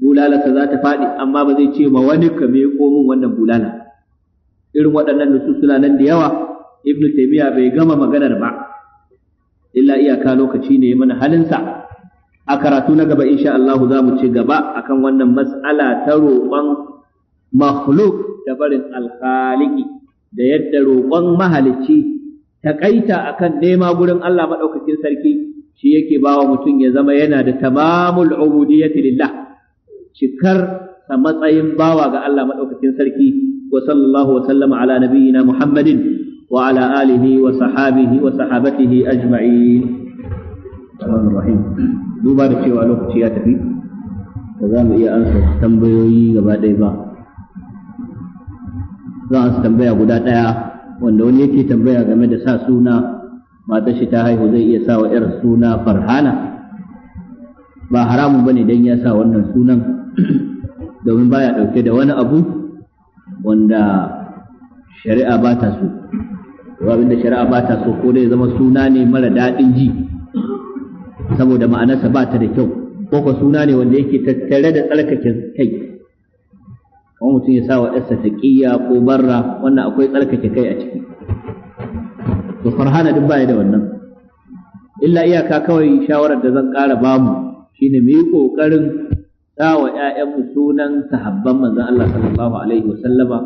S1: bulalata za ta faɗi amma ba zai ce ma wani ka me ko min wannan bulala irin waɗannan nusus suna nan da yawa ibn taymiya bai gama maganar ba illa iyaka lokaci ne mana halinsa a karatu na gaba insha Allah za mu ci gaba akan wannan mas'ala ta roƙon makhluk da barin Alkali, da yadda roƙon mahalicci takaita akan nema gurin Allah maɗaukakin sarki shi yake bawa mutum ya zama yana da tamamul ubudiyyati lillah cikar sa matsayin bawa ga Allah maɗaukakin sarki وصلى الله وسلم على نبينا محمد وعلى آله وصحابه وصحابته أجمعين
S2: الرحمن الرحيم duba da cewa lokaci ya tafi
S1: ba za mu iya ansa tambayoyi gaba ɗaya ba za a tambaya guda ɗaya wanda wani yake tambaya game da sa suna matar shi ta haihu zai iya sa wa 'yar suna farhana ba haramun bane dan ya sa wannan sunan domin baya ɗauke da wani abu wanda shari'a ba ta so ko abinda shari'a ba ta so ko dai zama suna ne mara daɗin ji saboda ma'anarsa ba ta da kyau ko ko suna ne wanda yake tattare da tsarkake kai kuma mutum ya sa wa ɗarsa taƙiyya ko barra wannan akwai tsarkake kai a ciki to farhana duk baya da wannan illa iyaka kawai shawarar da zan ƙara bamu shine mu yi ƙoƙarin sa wa ‘ya'yanmu sunan sahabban manzon Allah sallallahu Alaihi wasallama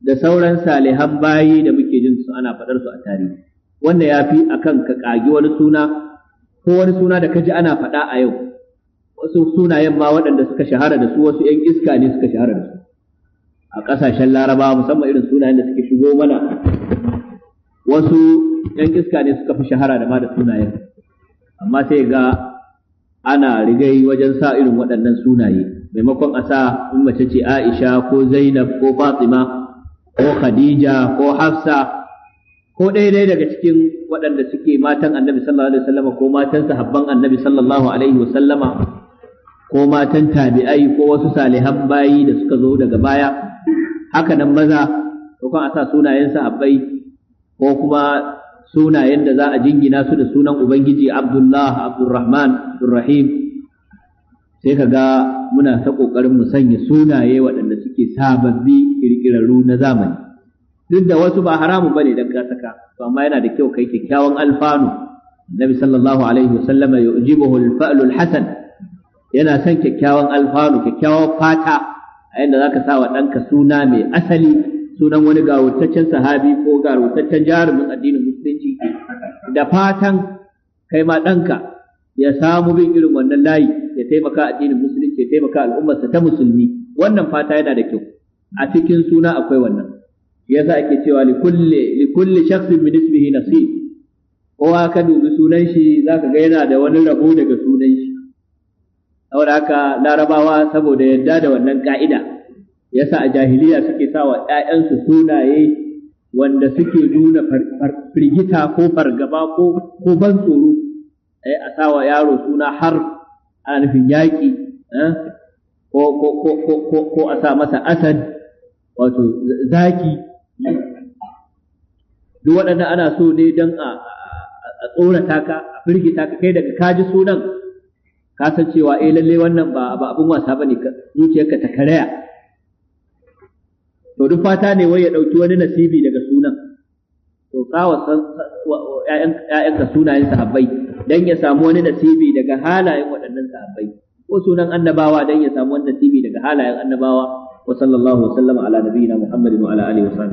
S1: da sauran salihan bayi da muke jin su ana faɗar su a tarihi. Wanda ya fi a kan ka ƙagi wani suna ko wani suna da kaji ana faɗa a yau. Wasu sunayen ma waɗanda suka shahara da su wasu ‘yan iska ne suka shahara da su. A ƙasashen Larabawa musamman irin sunayen da suke shigo mana wasu ‘yan iska ne suka fi shahara da ma da sunayen. Amma sai ga ana rigai wajen sa irin waɗannan sunaye maimakon a sa in mace ce Aisha ko Zainab ko Fatima ko Khadija ko Hafsa ko dai daga cikin waɗanda suke matan Annabi sallallahu alaihi wasallama ko matan sahabban Annabi sallallahu alaihi wasallama ko matan tabi'ai ko wasu salihan bayi da suka zo daga baya haka nan maza ko a sa sunayen sahabbai ko kuma sunayen da za a jingina su da sunan ubangiji abdullah abdurrahman abdurrahim sai ka ga muna ta ƙoƙarin mu sanya sunaye waɗanda suke sababbi ƙirƙirarru na zamani duk da wasu ba haramu bane ne ka saka to amma yana da kyau kai kyakkyawan alfanu Nabi sallallahu alaihi wasallam ya al-fa'lul Hassan, yana son kyakkyawan alfanu kyakkyawan fata a yadda za ka sa wa ɗanka suna mai asali sunan wani gawurtaccen sahabi ko gawurtaccen jarumin addinin da fatan kai ma ɗanka ya samu bin irin wannan layi ya taimaka addinin musulunci ya taimaka al'ummarsa ta musulmi wannan fata yana da kyau a cikin suna akwai wannan yasa ake cewa likulli kulli shakhsin min ismihi kowa ka dubi sunan shi zaka ga yana da wani rabo daga sunan shi saboda haka larabawa saboda yadda da wannan ka'ida yasa a jahiliya suke sawa 'ya'yansu sunaye wanda suke nuna firgita ko fargaba ko ban tsoro a eh, a sawa yaro suna har a nufin yaƙi eh, ko a sa masa asad wato zaki duk ana so ne don a tsorata ka a firgita ka kai daga kaji sunan ka san cewa eh lalle wannan ba abin wasa bane zuciyarka ta karaya to duk fata ne wai ya ɗauki wani nasibi daga to kawo ‘ya'yanka sunayen sahabbai don ya samu wani nasibi daga halayen waɗannan sahabbai ko sunan annabawa don ya samu wani nasibi daga halayen annabawa wa sallallahu wasallama ala nabiyina muhammadin wa ala alihi wa